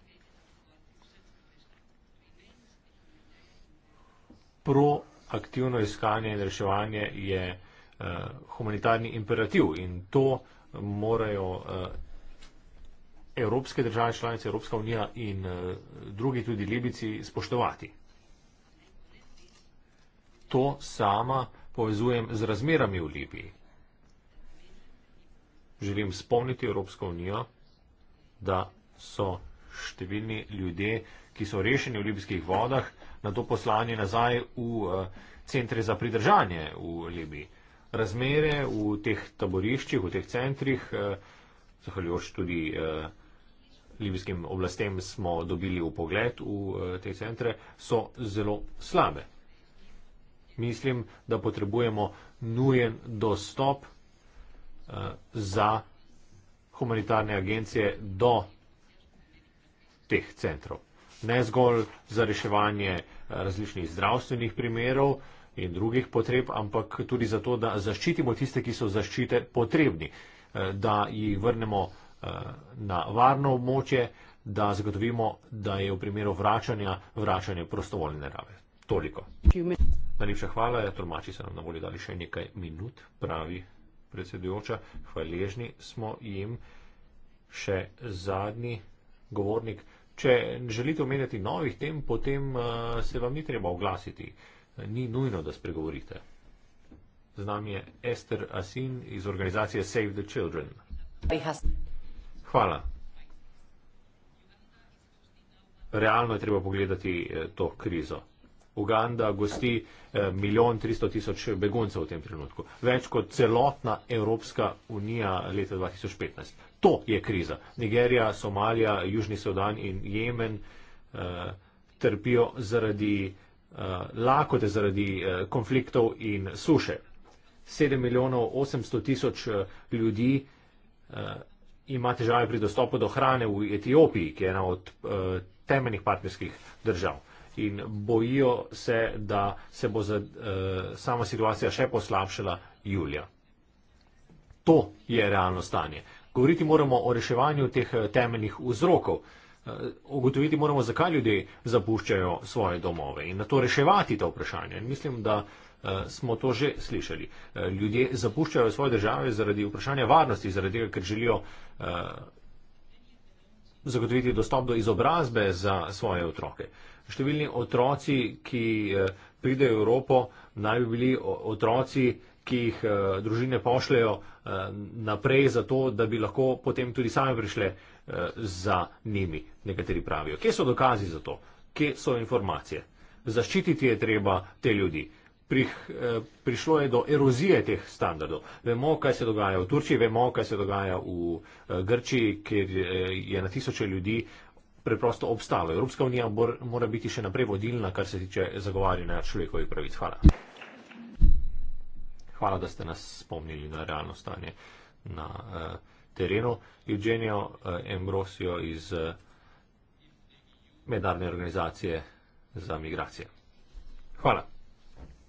proaktivno iskanje in reševanje je eh, humanitarni imperativ in to morajo eh, evropske države članice, Evropska unija in eh, drugi tudi Libici spoštovati. To sama povezujem z razmerami v Libiji. Želim spomniti Evropsko unijo, da so številni ljudje, ki so rešeni v libijskih vodah, na to poslani nazaj v eh, centre za pridržanje v Libiji. Razmere v teh taboriščih, v teh centrih, eh, zahvaljujoč tudi eh, libijskim oblastem smo dobili v pogled v te centre, so zelo slabe. Mislim, da potrebujemo nujen dostop za humanitarne agencije do teh centrov ne zgolj za reševanje eh, različnih zdravstvenih primerov in drugih potreb, ampak tudi zato, da zaščitimo tiste, ki so zaščite potrebni, eh, da jih vrnemo eh, na varno območje, da zagotovimo, da je v primeru vračanja vračanje prostovoljne narave. Toliko. Najlepša hvala, ja, tolmači se nam na voljo dali še nekaj minut, pravi predsedujoča. Hvaležni smo jim še zadnji govornik. Če želite omeniti novih tem, potem uh, se vam ni treba oglasiti. Ni nujno, da spregovorite. Z nami je Ester Asin iz organizacije Save the Children. Hvala. Realno je treba pogledati eh, to krizo. Uganda gosti eh, milijon tristo tisoč beguncev v tem trenutku. Več kot celotna Evropska unija leta 2015. To je kriza. Nigerija, Somalija, Južni Sudan in Jemen eh, trpijo zaradi eh, lakote, zaradi eh, konfliktov in suše. 7 milijonov 800 tisoč eh, ljudi eh, ima težave pri dostopu do hrane v Etiopiji, ki je ena od eh, temeljnih partnerskih držav in bojijo se, da se bo za, uh, sama situacija še poslabšala julija. To je realno stanje. Govoriti moramo o reševanju teh eh, temeljnih vzrokov. Ogotoviti eh, moramo, zakaj ljudje zapuščajo svoje domove in na to reševati ta vprašanja. Mislim, da smo to že slišali. Ljudje zapuščajo svoje države zaradi vprašanja varnosti, zaradi tega, ker želijo zagotoviti dostop do izobrazbe za svoje otroke številni otroci, ki eh, pridejo v Evropo, naj bi bili otroci, ki jih eh, družine pošljajo eh, naprej, zato da bi lahko potem tudi same prišle za njimi, nekateri pravijo. Kje so dokazi za to? Kje so informacije? Zaščititi je treba te ljudi. Prišlo je do erozije teh standardov. Vemo, kaj se dogaja v Turčiji, vemo, kaj se dogaja v Grčiji, kjer je na tisoče ljudi preprosto obstalo. Evropska unija bor, mora biti še naprej vodilna, kar se tiče zagovarjanja človekovih pravic. Hvala. Hvala, da ste nas spomnili na realno stanje na uh, terenu. Eugenio uh, Ambrosio iz uh, eh, Medarne organizacije za migracije. Hvala.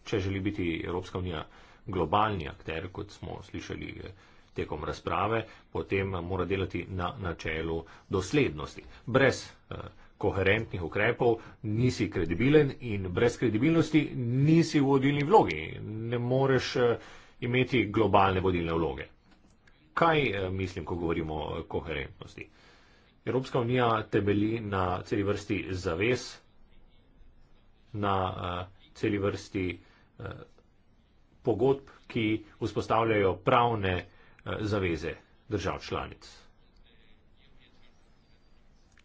Če želi biti Evropska unija globalni akter, kot smo slišali, uh, tekom razprave, potem mora delati na načelu doslednosti. Brez eh, koherentnih ukrepov nisi kredibilen in brez kredibilnosti nisi v vodilni vlogi. Ne moreš eh, imeti globalne vodilne vloge. Kaj eh, mislim, ko govorimo o koherentnosti? Evropska unija temelji na celi vrsti zaves, na celi vrsti pogodb, ki vzpostavljajo pravne zaveze držav članic.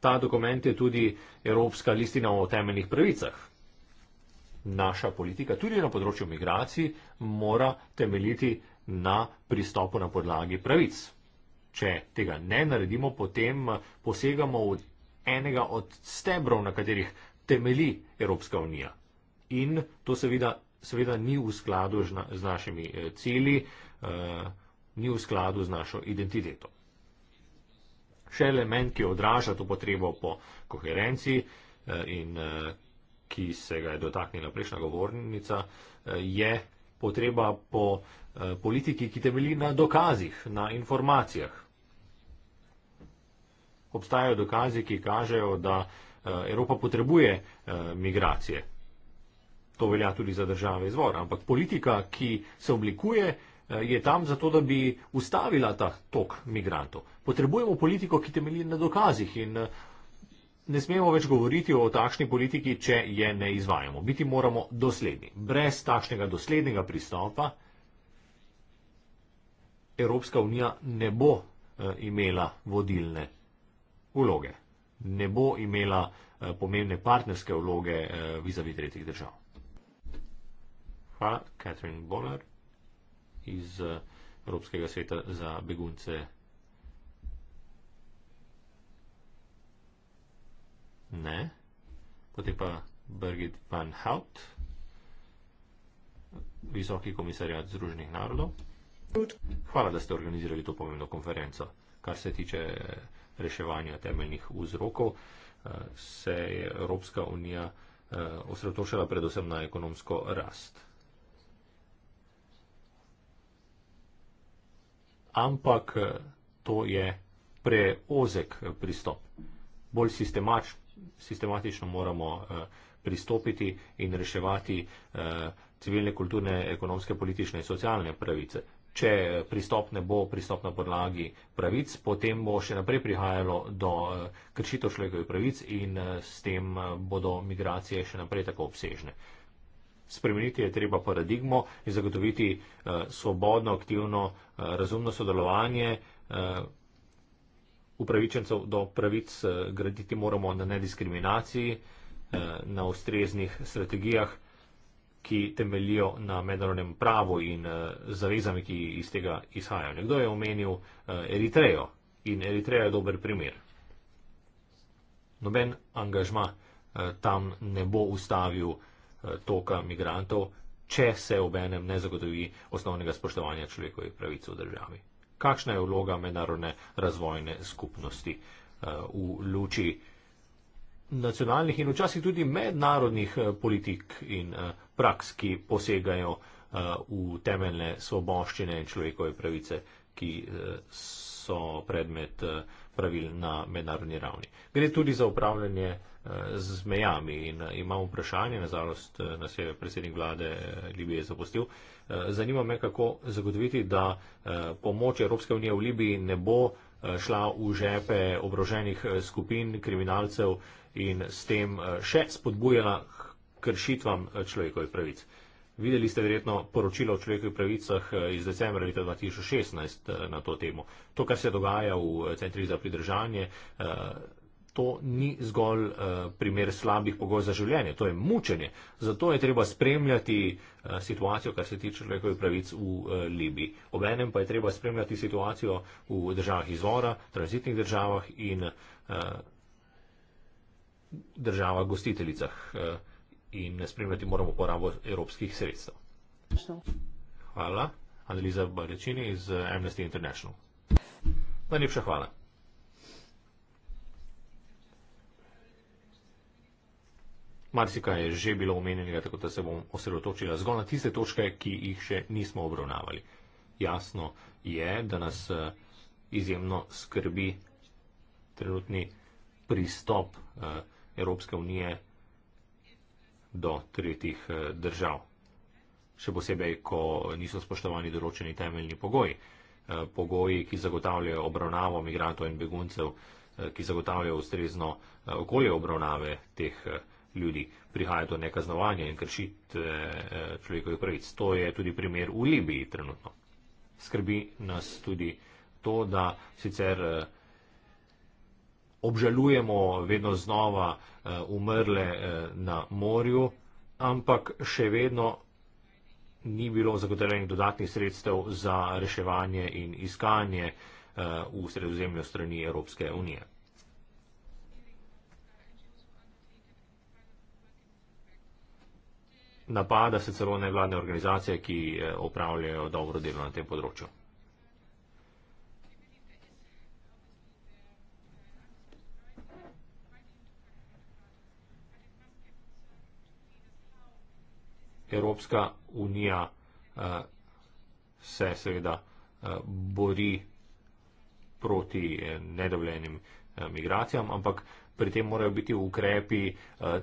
Ta dokument je tudi Evropska listina o temeljnih pravicah. Naša politika, tudi na področju migracij, mora temeljiti na pristopu na podlagi pravic. Če tega ne naredimo, potem posegamo v enega od stebrov, na katerih temeli Evropska unija. In to seveda, seveda ni v skladu z našimi eh, cilji. Uh, ni v skladu z našo identiteto. Še element, ki odraža to potrebo po koherenci eh, in eh, ki se ga je dotaknila prejšnja govornica, eh, je potreba po politiki, ki temelji na dokazih, na informacijah. Obstajajo dokazi, ki kažejo, da Evropa potrebuje migracije. To velja tudi za države izvora, ampak politika, ki se oblikuje, Eh, je tam zato, da bi ustavila ta tok migrantov. Potrebujemo politiko, ki temelji na dokazih in eh, ne smemo več govoriti o takšni politiki, če je ne izvajamo. Biti moramo dosledni. Brez takšnega doslednega pristopa Evropska unija ne bo eh, imela vodilne vloge, ne bo imela pomembne partnerske vloge vizavi tretjih držav. Hvala, Catherine Bonner iz eh, Evropskega sveta za begunce. Ne. Potem pa Birgit van Hout, visoki komisarjat Združenih narodov. Hvala, da ste organizirali to pomembno konferenco. Kar se tiče eh, reševanja temeljnih vzrokov, eh, se je Evropska unija osredotočila predvsem na ekonomsko rast. ampak eh, to je preozek eh, pristop. Bolj sistemač, sistematično moramo eh, pristopiti in reševati civilne, kulturne, ekonomske, politične in socialne pravice. Če pristop ne bo pristop na podlagi pravic, potem bo še naprej prihajalo do kršitev človekovih pravic in s tem bodo migracije še naprej tako obsežne spremeniti je treba paradigmo in zagotoviti uh, svobodno, aktivno, uh, razumno sodelovanje. Uh, Upravičencev do pravic graditi moramo na nediskriminaciji, na ustreznih strategijah, ki temelijo na mednarodnem pravu in zavezami, ki iz tega izhajajo. Nekdo je omenil Eritrejo in Eritreja je dober primer. Noben angažma tam ne bo ustavil Eh, toka migrantov, če se obenem ne zagotovi osnovnega spoštovanja človekovih pravic v državi. Kakšna je vloga mednarodne razvojne skupnosti eh, v luči nacionalnih in včasih tudi mednarodnih eh, politik in praks, ki posegajo v temeljne svoboščine in človekove pravice, ki so predmet pravil na mednarodni ravni. Gre tudi za upravljanje eh, z mejami in eh, imamo vprašanje, na zalost eh, nas je predsednik vlade Libije zapustil. Zanima me, kako zagotoviti, da pomoč Evropske unije v Libiji ne bo šla v žepe obroženih skupin kriminalcev in s tem še spodbujala kršitvam človekovih pravic. Videli ste verjetno poročilo o človekovih pravicah eh, iz decembra leta 2016 eh, na to temo. To, kar se dogaja v eh, centrih za pridržanje, to ni zgolj primer slabih pogojev za življenje, to je mučenje. Zato je treba spremljati situacijo, kar se tiče človekovih pravic v Libiji. Obenem pa je treba spremljati situacijo v državah izvora, tranzitnih državah in državah gostiteljicah in spremljati moramo porabo evropskih sredstev. Hvala. Analiza Barečini iz eh, Amnesty International. Najlepša hvala. Marsikaj je že bilo omenjenega, tako da se bom osredotočila zgolj na tiste točke, ki jih še nismo obravnavali. Jasno je, da nas eh, izjemno skrbi trenutni pristop eh, Evropske unije do tretjih eh, držav. Še posebej, ko niso spoštovani določeni temeljni pogoji. Eh, pogoji, ki zagotavljajo obravnavo migrantov in beguncev, eh, ki zagotavljajo ustrezno okolje obravnave teh ljudi. Prihaja do nekaznovanja in kršitve človekovih pravic. To je tudi primer v Libiji trenutno. Skrbi nas tudi to, da sicer obžalujemo vedno znova, Eh, umrle eh, na morju, ampak še vedno ni bilo zagotovljenih dodatnih sredstev za reševanje in iskanje eh, v sredozemlju strani Evropske unije. Napada se celo nevladne organizacije, ki opravljajo dobro delo na tem področju. Evropska unija eh, se seveda eh, bori proti eh, nedovoljenim migracijam, ampak pri tem morajo biti ukrepi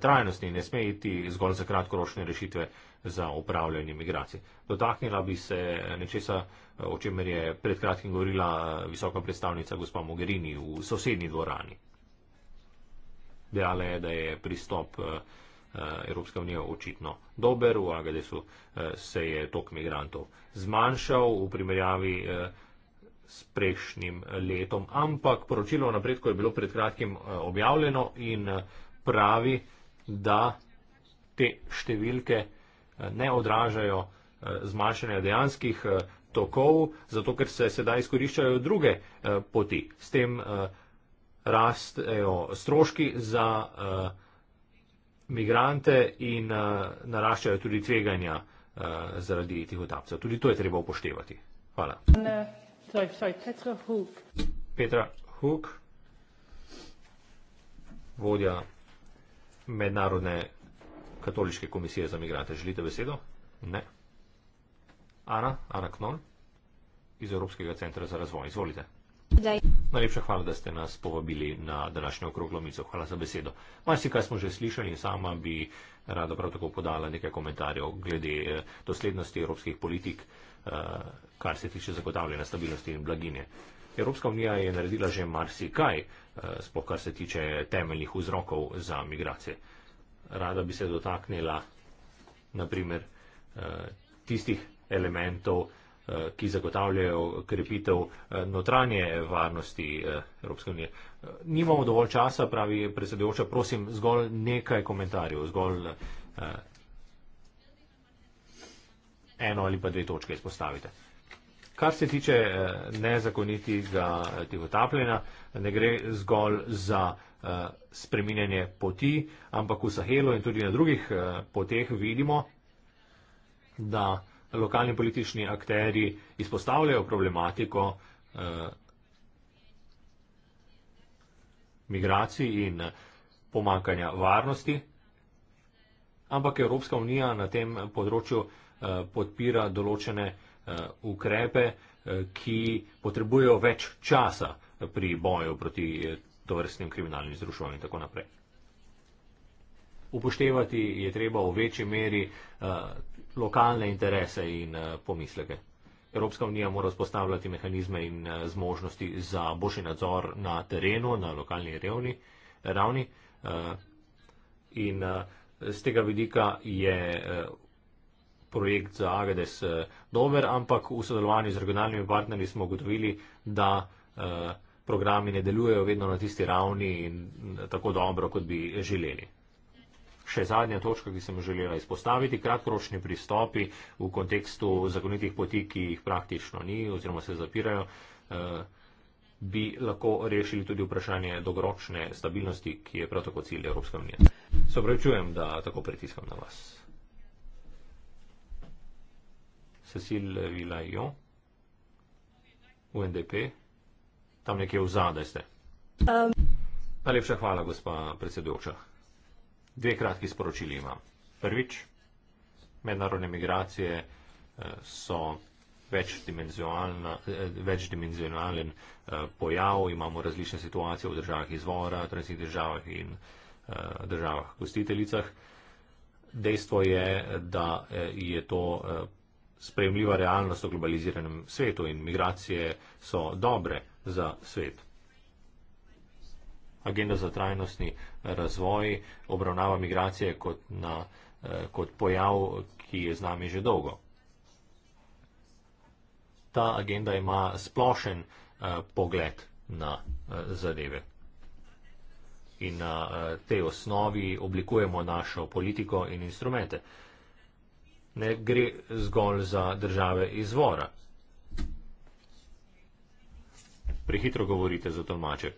trajnostni, ne sme iti zgolj za kratkoročne rešitve za upravljanje migracij. Dotaknila bi se nečesa, o čemer je pred kratkim govorila visoka predstavnica gospa Mogherini v sosednji dvorani. Dejala je, da je pristop Eh, Evropska unija očitno dober, v Agadesu eh, se je tok migrantov zmanjšal v primerjavi eh, s prejšnjim letom, ampak poročilo o napredku je bilo pred kratkim objavljeno in pravi, da te številke ne odražajo zmanjšanja dejanskih tokov, zato ker se sedaj izkoriščajo druge poti. S tem rastejo stroški za migrante in uh, naraščajo tudi tveganja uh, zaradi tih otapcev. Tudi to je treba upoštevati. Hvala. Eh, Petra Huk. Petra Huk, vodja Mednarodne katoliške komisije za migrante. Želite besedo? Ne. Ana, Ana Knol iz Evropskega centra za razvoj. Izvolite. Najlepša hvala, da ste nas povabili na današnjo okroglo mizo. Hvala za besedo. Marsikaj smo že slišali in sama bi rada prav tako podala nekaj komentarjev glede eh, doslednosti evropskih politik, eh, kar se tiče zagotavljanja stabilnosti in blagine. Evropska unija je naredila že marsikaj, eh, sploh kar se tiče temeljnih vzrokov za migracije. Rada bi se dotaknila naprimer tistih elementov, ki zagotavljajo krepitev eh, notranje varnosti eh, Evropske unije. Eh, nimamo dovolj časa, pravi predsedujoča, prosim, zgolj nekaj komentarjev, zgolj eno ali pa dve točke izpostavite. Kar se tiče nezakonitega tihotapljena, ne gre zgolj za spreminjanje poti, ampak v Sahelu in tudi na drugih poteh vidimo, da lokalni politični akteri izpostavljajo problematiko eh, migracij in pomankanja varnosti, ampak Evropska unija na tem področju eh, podpira določene eh, ukrepe, eh, ki potrebujejo več časa pri boju proti eh, tovrstnim kriminalnim združovanjem in tako naprej. Upoštevati je treba v večji meri eh, lokalne interese in eh, pomisleke. Evropska unija mora vzpostavljati mehanizme in eh, zmožnosti za boljši nadzor na terenu, na lokalni revni, ravni. Eh, in z tega vidika je projekt za Agedes dober, ampak v sodelovanju z regionalnimi partnerji smo ugotovili, da programi ne delujejo vedno na tisti ravni in tako dobro, kot bi želeli še zadnja točka, ki sem želela izpostaviti, kratkoročni pristopi v kontekstu zakonitih poti, ki jih praktično ni oziroma se zapirajo, eh, bi lahko rešili tudi vprašanje dolgoročne stabilnosti, ki je prav tako cilj Evropske unije. Se opravičujem, da tako pritiskam na vas. Cecil Vilajo, UNDP, tam nekje v zadaj ste. Um. Najlepša hvala, gospa predsedujoča. Dve kratki sporočili imam. Prvič, mednarodne migracije eh, so eh, večdimenzionalen eh, pojav, imamo različne situacije v državah izvora, tranzitnih državah in državah gostiteljicah. Dejstvo je, da je to spremljiva realnost v globaliziranem svetu in migracije so dobre za svet agenda za trajnostni razvoj obravnava migracije kot, na, eh, kot pojav, ki je z nami že dolgo. Ta agenda ima splošen eh, pogled na eh, zadeve. In na tej osnovi oblikujemo našo politiko in instrumente. Ne gre zgolj za države izvora. Prehitro govorite za tolmače.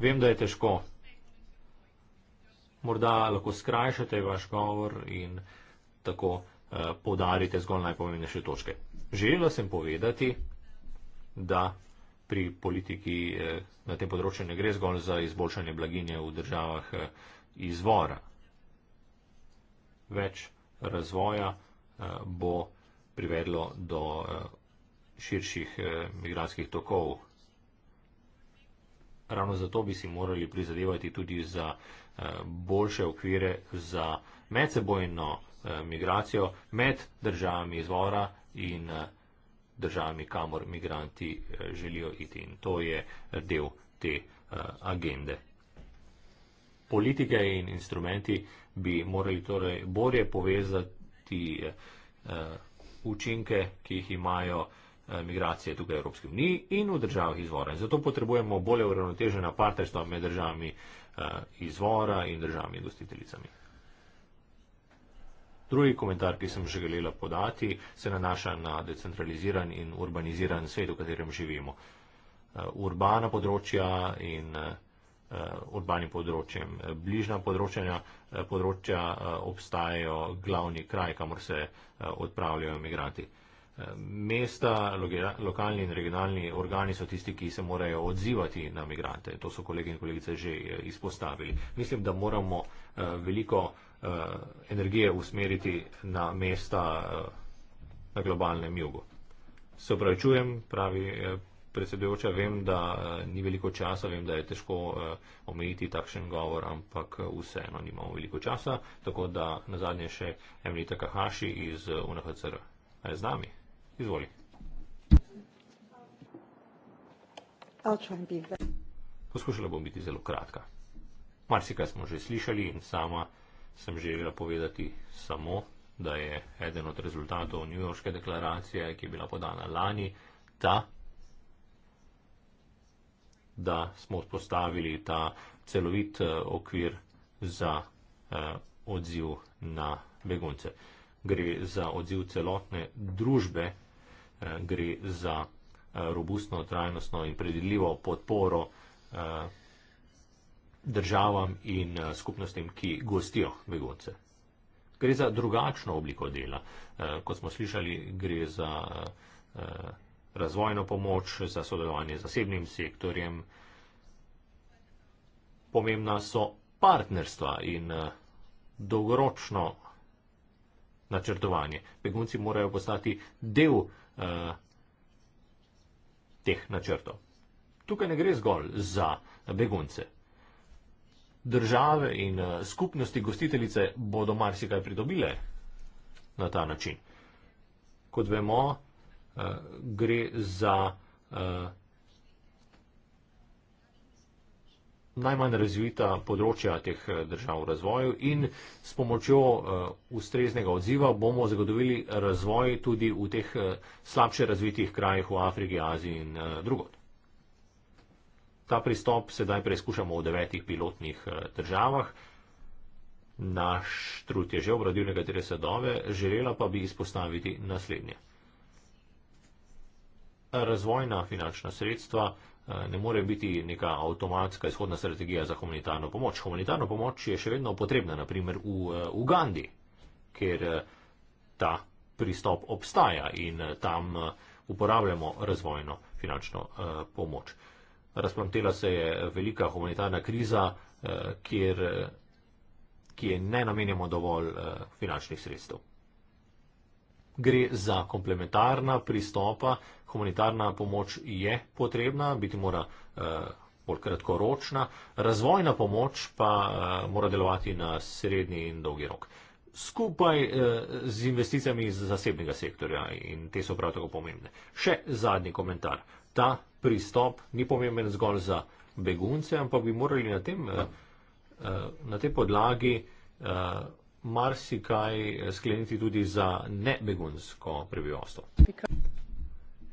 Vem, da je težko. Morda lahko skrajšate vaš govor in tako eh, podarite zgolj najpomembnejše točke. Želela sem povedati, da pri politiki eh, na tem področju ne gre zgolj za izboljšanje blaginje v državah eh, izvora. Več razvoja eh, bo privedlo do eh, širših eh, migranskih tokov ravno zato bi si morali prizadevati tudi za eh, boljše okvire za medsebojno eh, migracijo med državami izvora in eh, državami, kamor migranti želijo iti. In to je del te agende. Politike in instrumenti bi morali torej bolje povezati učinke, ki jih imajo Eh, migracije tukaj v Evropski uniji in v državah izvora. In zato potrebujemo bolje uravnotežena partnerstva med državami eh, izvora in državami gostiteljicami. Drugi komentar, ki sem želela podati, se nanaša na decentraliziran in urbaniziran svet, v katerem živimo. Eh, urbana področja in urbanim področjem. Bližna področja, področja obstajajo glavni kraj, kamor se odpravljajo imigranti mesta, lokalni in regionalni organi so tisti, ki se morajo odzivati na migrante. To so kolegi in kolegice že eh, izpostavili. Mislim, da moramo eh, veliko eh, energije usmeriti na mesta na globalnem jugu. Se upravičujem, pravi predsedujoča, vem, da ni veliko časa, vem, da je težko omejiti takšen govor, ampak vseeno nimamo veliko časa, tako da na zadnje še Emilita Kahaši iz UNHCR. Ali z nami? Izvoli. Poskušala bom biti zelo kratka. Marsikaj smo že slišali in sama sem želela povedati samo, da je eden od rezultatov New Yorkske deklaracije, ki je bila podana lani, ta, da smo vzpostavili ta celovit eh, okvir za eh, odziv na begunce. Gre za odziv celotne družbe gre za eh, robustno, trajnostno in predeljivo podporo eh, državam in eh, skupnostim, ki gostijo begunce. Gre za drugačno obliko dela. Kot smo slišali, gre za razvojno pomoč, za sodelovanje z zasebnim sektorjem. Pomembna so partnerstva in dolgoročno načrtovanje. Begunci morajo postati del Eh, teh načrtov. Tukaj ne gre zgolj za begunce. Države in eh, skupnosti gostiteljice bodo marsikaj pridobile na ta način. Kot vemo, eh, gre za najmanj razvita področja teh eh, držav v razvoju in s pomočjo uh, ustreznega odziva bomo zagotovili razvoj tudi v teh uh, slabše razvitih krajih v Afriki, Aziji in uh, drugod. Ta pristop sedaj preizkušamo v devetih pilotnih uh, državah. Naš trud je že obradil nekatere sadove, želela pa bi izpostaviti naslednje. Razvojna finančna sredstva Eh, ne more biti neka avtomatska izhodna strategija za humanitarno pomoč. Humanitarno pomoč je še vedno potrebna, naprimer v eh, Ugandi, ker eh, ta pristop obstaja in tam uporabljamo razvojno finančno pomoč. Razplantela se je velika humanitarna kriza, kjer, kjer ne namenjamo dovolj finančnih sredstev gre za komplementarna pristopa, humanitarna pomoč je potrebna, biti mora eh, bolj kratkoročna, razvojna pomoč pa eh, mora delovati na srednji in dolgi rok. Skupaj eh, z investicijami iz zasebnega sektorja in te so prav tako pomembne. Še zadnji komentar. Ta pristop ni pomemben zgolj za begunce, ampak bi morali na, tem, eh, eh, na tej podlagi. Eh, marsikaj eh, skleniti tudi za nebegunsko prebivalstvo.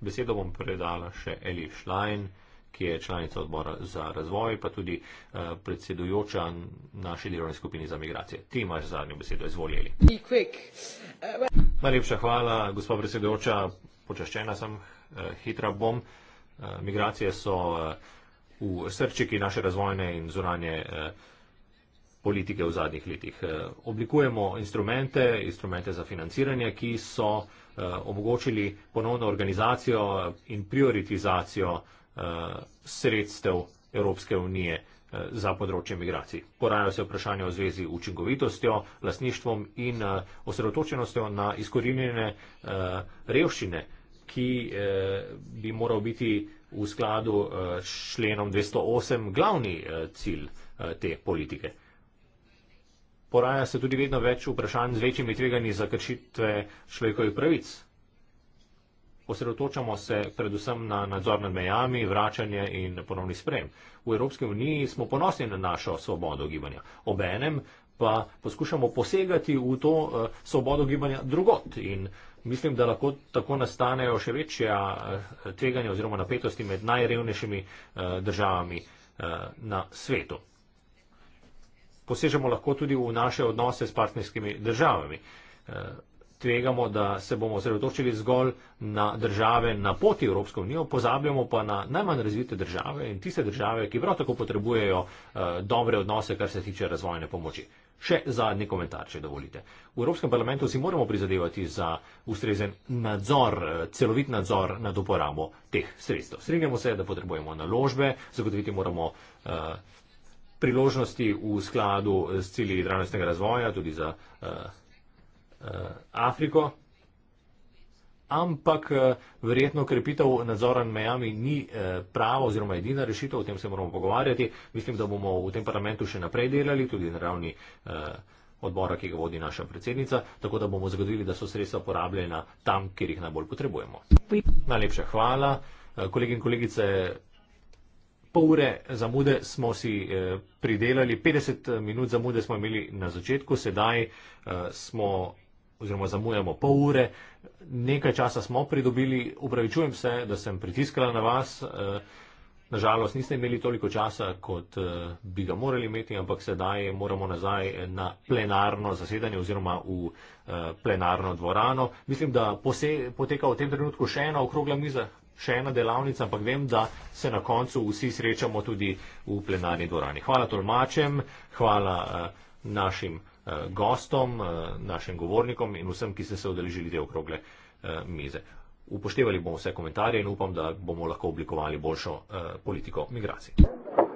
Besedo bom predala še Eli Schlein, ki je članica odbora za razvoj, pa tudi eh, predsedujoča naše delovne skupine za migracije. Ti imaš zadnjo besedo, izvolili. Eh, Najlepša hvala, gospa predsedujoča, počaščena sem, hitra bom. Migracije so v srčiki naše razvojne in zunanje eh, politike v zadnjih letih. Eh, oblikujemo instrumente, instrumente za financiranje, ki so eh, omogočili ponovno organizacijo eh, in prioritizacijo sredstev Evropske unije za področje migracij. Porajajo se vprašanja v zvezi učinkovitostjo, lastništvom in osredotočenostjo na izkorinjene revščine, ki bi moral biti v skladu s členom 208 glavni cilj te politike poraja se tudi vedno več vprašanj z večjimi tveganji za kršitve človekovih pravic. Osredotočamo se predvsem na nadzor nad mejami, vračanje in ponovni sprejem. V Evropski uniji smo ponosni na našo svobodo gibanja. Obenem pa poskušamo posegati v to eh, svobodo gibanja drugot in mislim, da lahko tako nastanejo še večja eh, tveganja oziroma napetosti med najrevnejšimi eh, državami na svetu posežemo lahko tudi v naše odnose s partnerskimi državami. Eh, tvegamo, da se bomo osredotočili zgolj na države na poti Evropske unije, pozabljamo pa na najmanj razvite države in tiste države, ki prav tako potrebujejo eh, dobre odnose, kar se tiče razvojne pomoči. Še zadnji komentar, če dovolite. V Evropskem parlamentu si moramo prizadevati za ustrezen nadzor, eh, celovit nadzor nad uporabo teh sredstev. Strinjamo se, da potrebujemo naložbe, zagotoviti moramo uh, priložnosti v skladu s cilji trajnostnega razvoja, tudi za uh, uh, Afriko. Ampak eh, verjetno krepitev nadzora nad mejami ni prava oziroma edina rešitev, o tem se moramo pogovarjati. Mislim, da bomo v tem parlamentu še naprej delali, tudi na ravni odbora, ki ga vodi naša predsednica, tako da bomo zagotovili, da so sredstva porabljena tam, kjer jih najbolj potrebujemo. Najlepša hvala. Kolegi in kolegice, pol ure zamude smo si eh, pridelali, 50 eh, minut zamude smo imeli na začetku, sedaj eh, smo oziroma zamujamo pol ure, nekaj časa smo pridobili, upravičujem se, da sem pritiskala na vas, nažalost niste imeli toliko časa, kot bi ga morali imeti, ampak sedaj moramo nazaj na plenarno zasedanje oziroma v plenarno dvorano. Mislim, da poteka v tem trenutku še ena okrogla miza, še ena delavnica, ampak vem, da se na koncu vsi srečamo tudi v plenarni dvorani. Hvala tolmačem, hvala uh, našim uh, gostom, uh, našim govornikom in vsem, ki ste se odeležili te okrogle uh, mize. Upoštevali bomo vse komentarje in upam, da bomo lahko oblikovali boljšo uh, politiko migracij.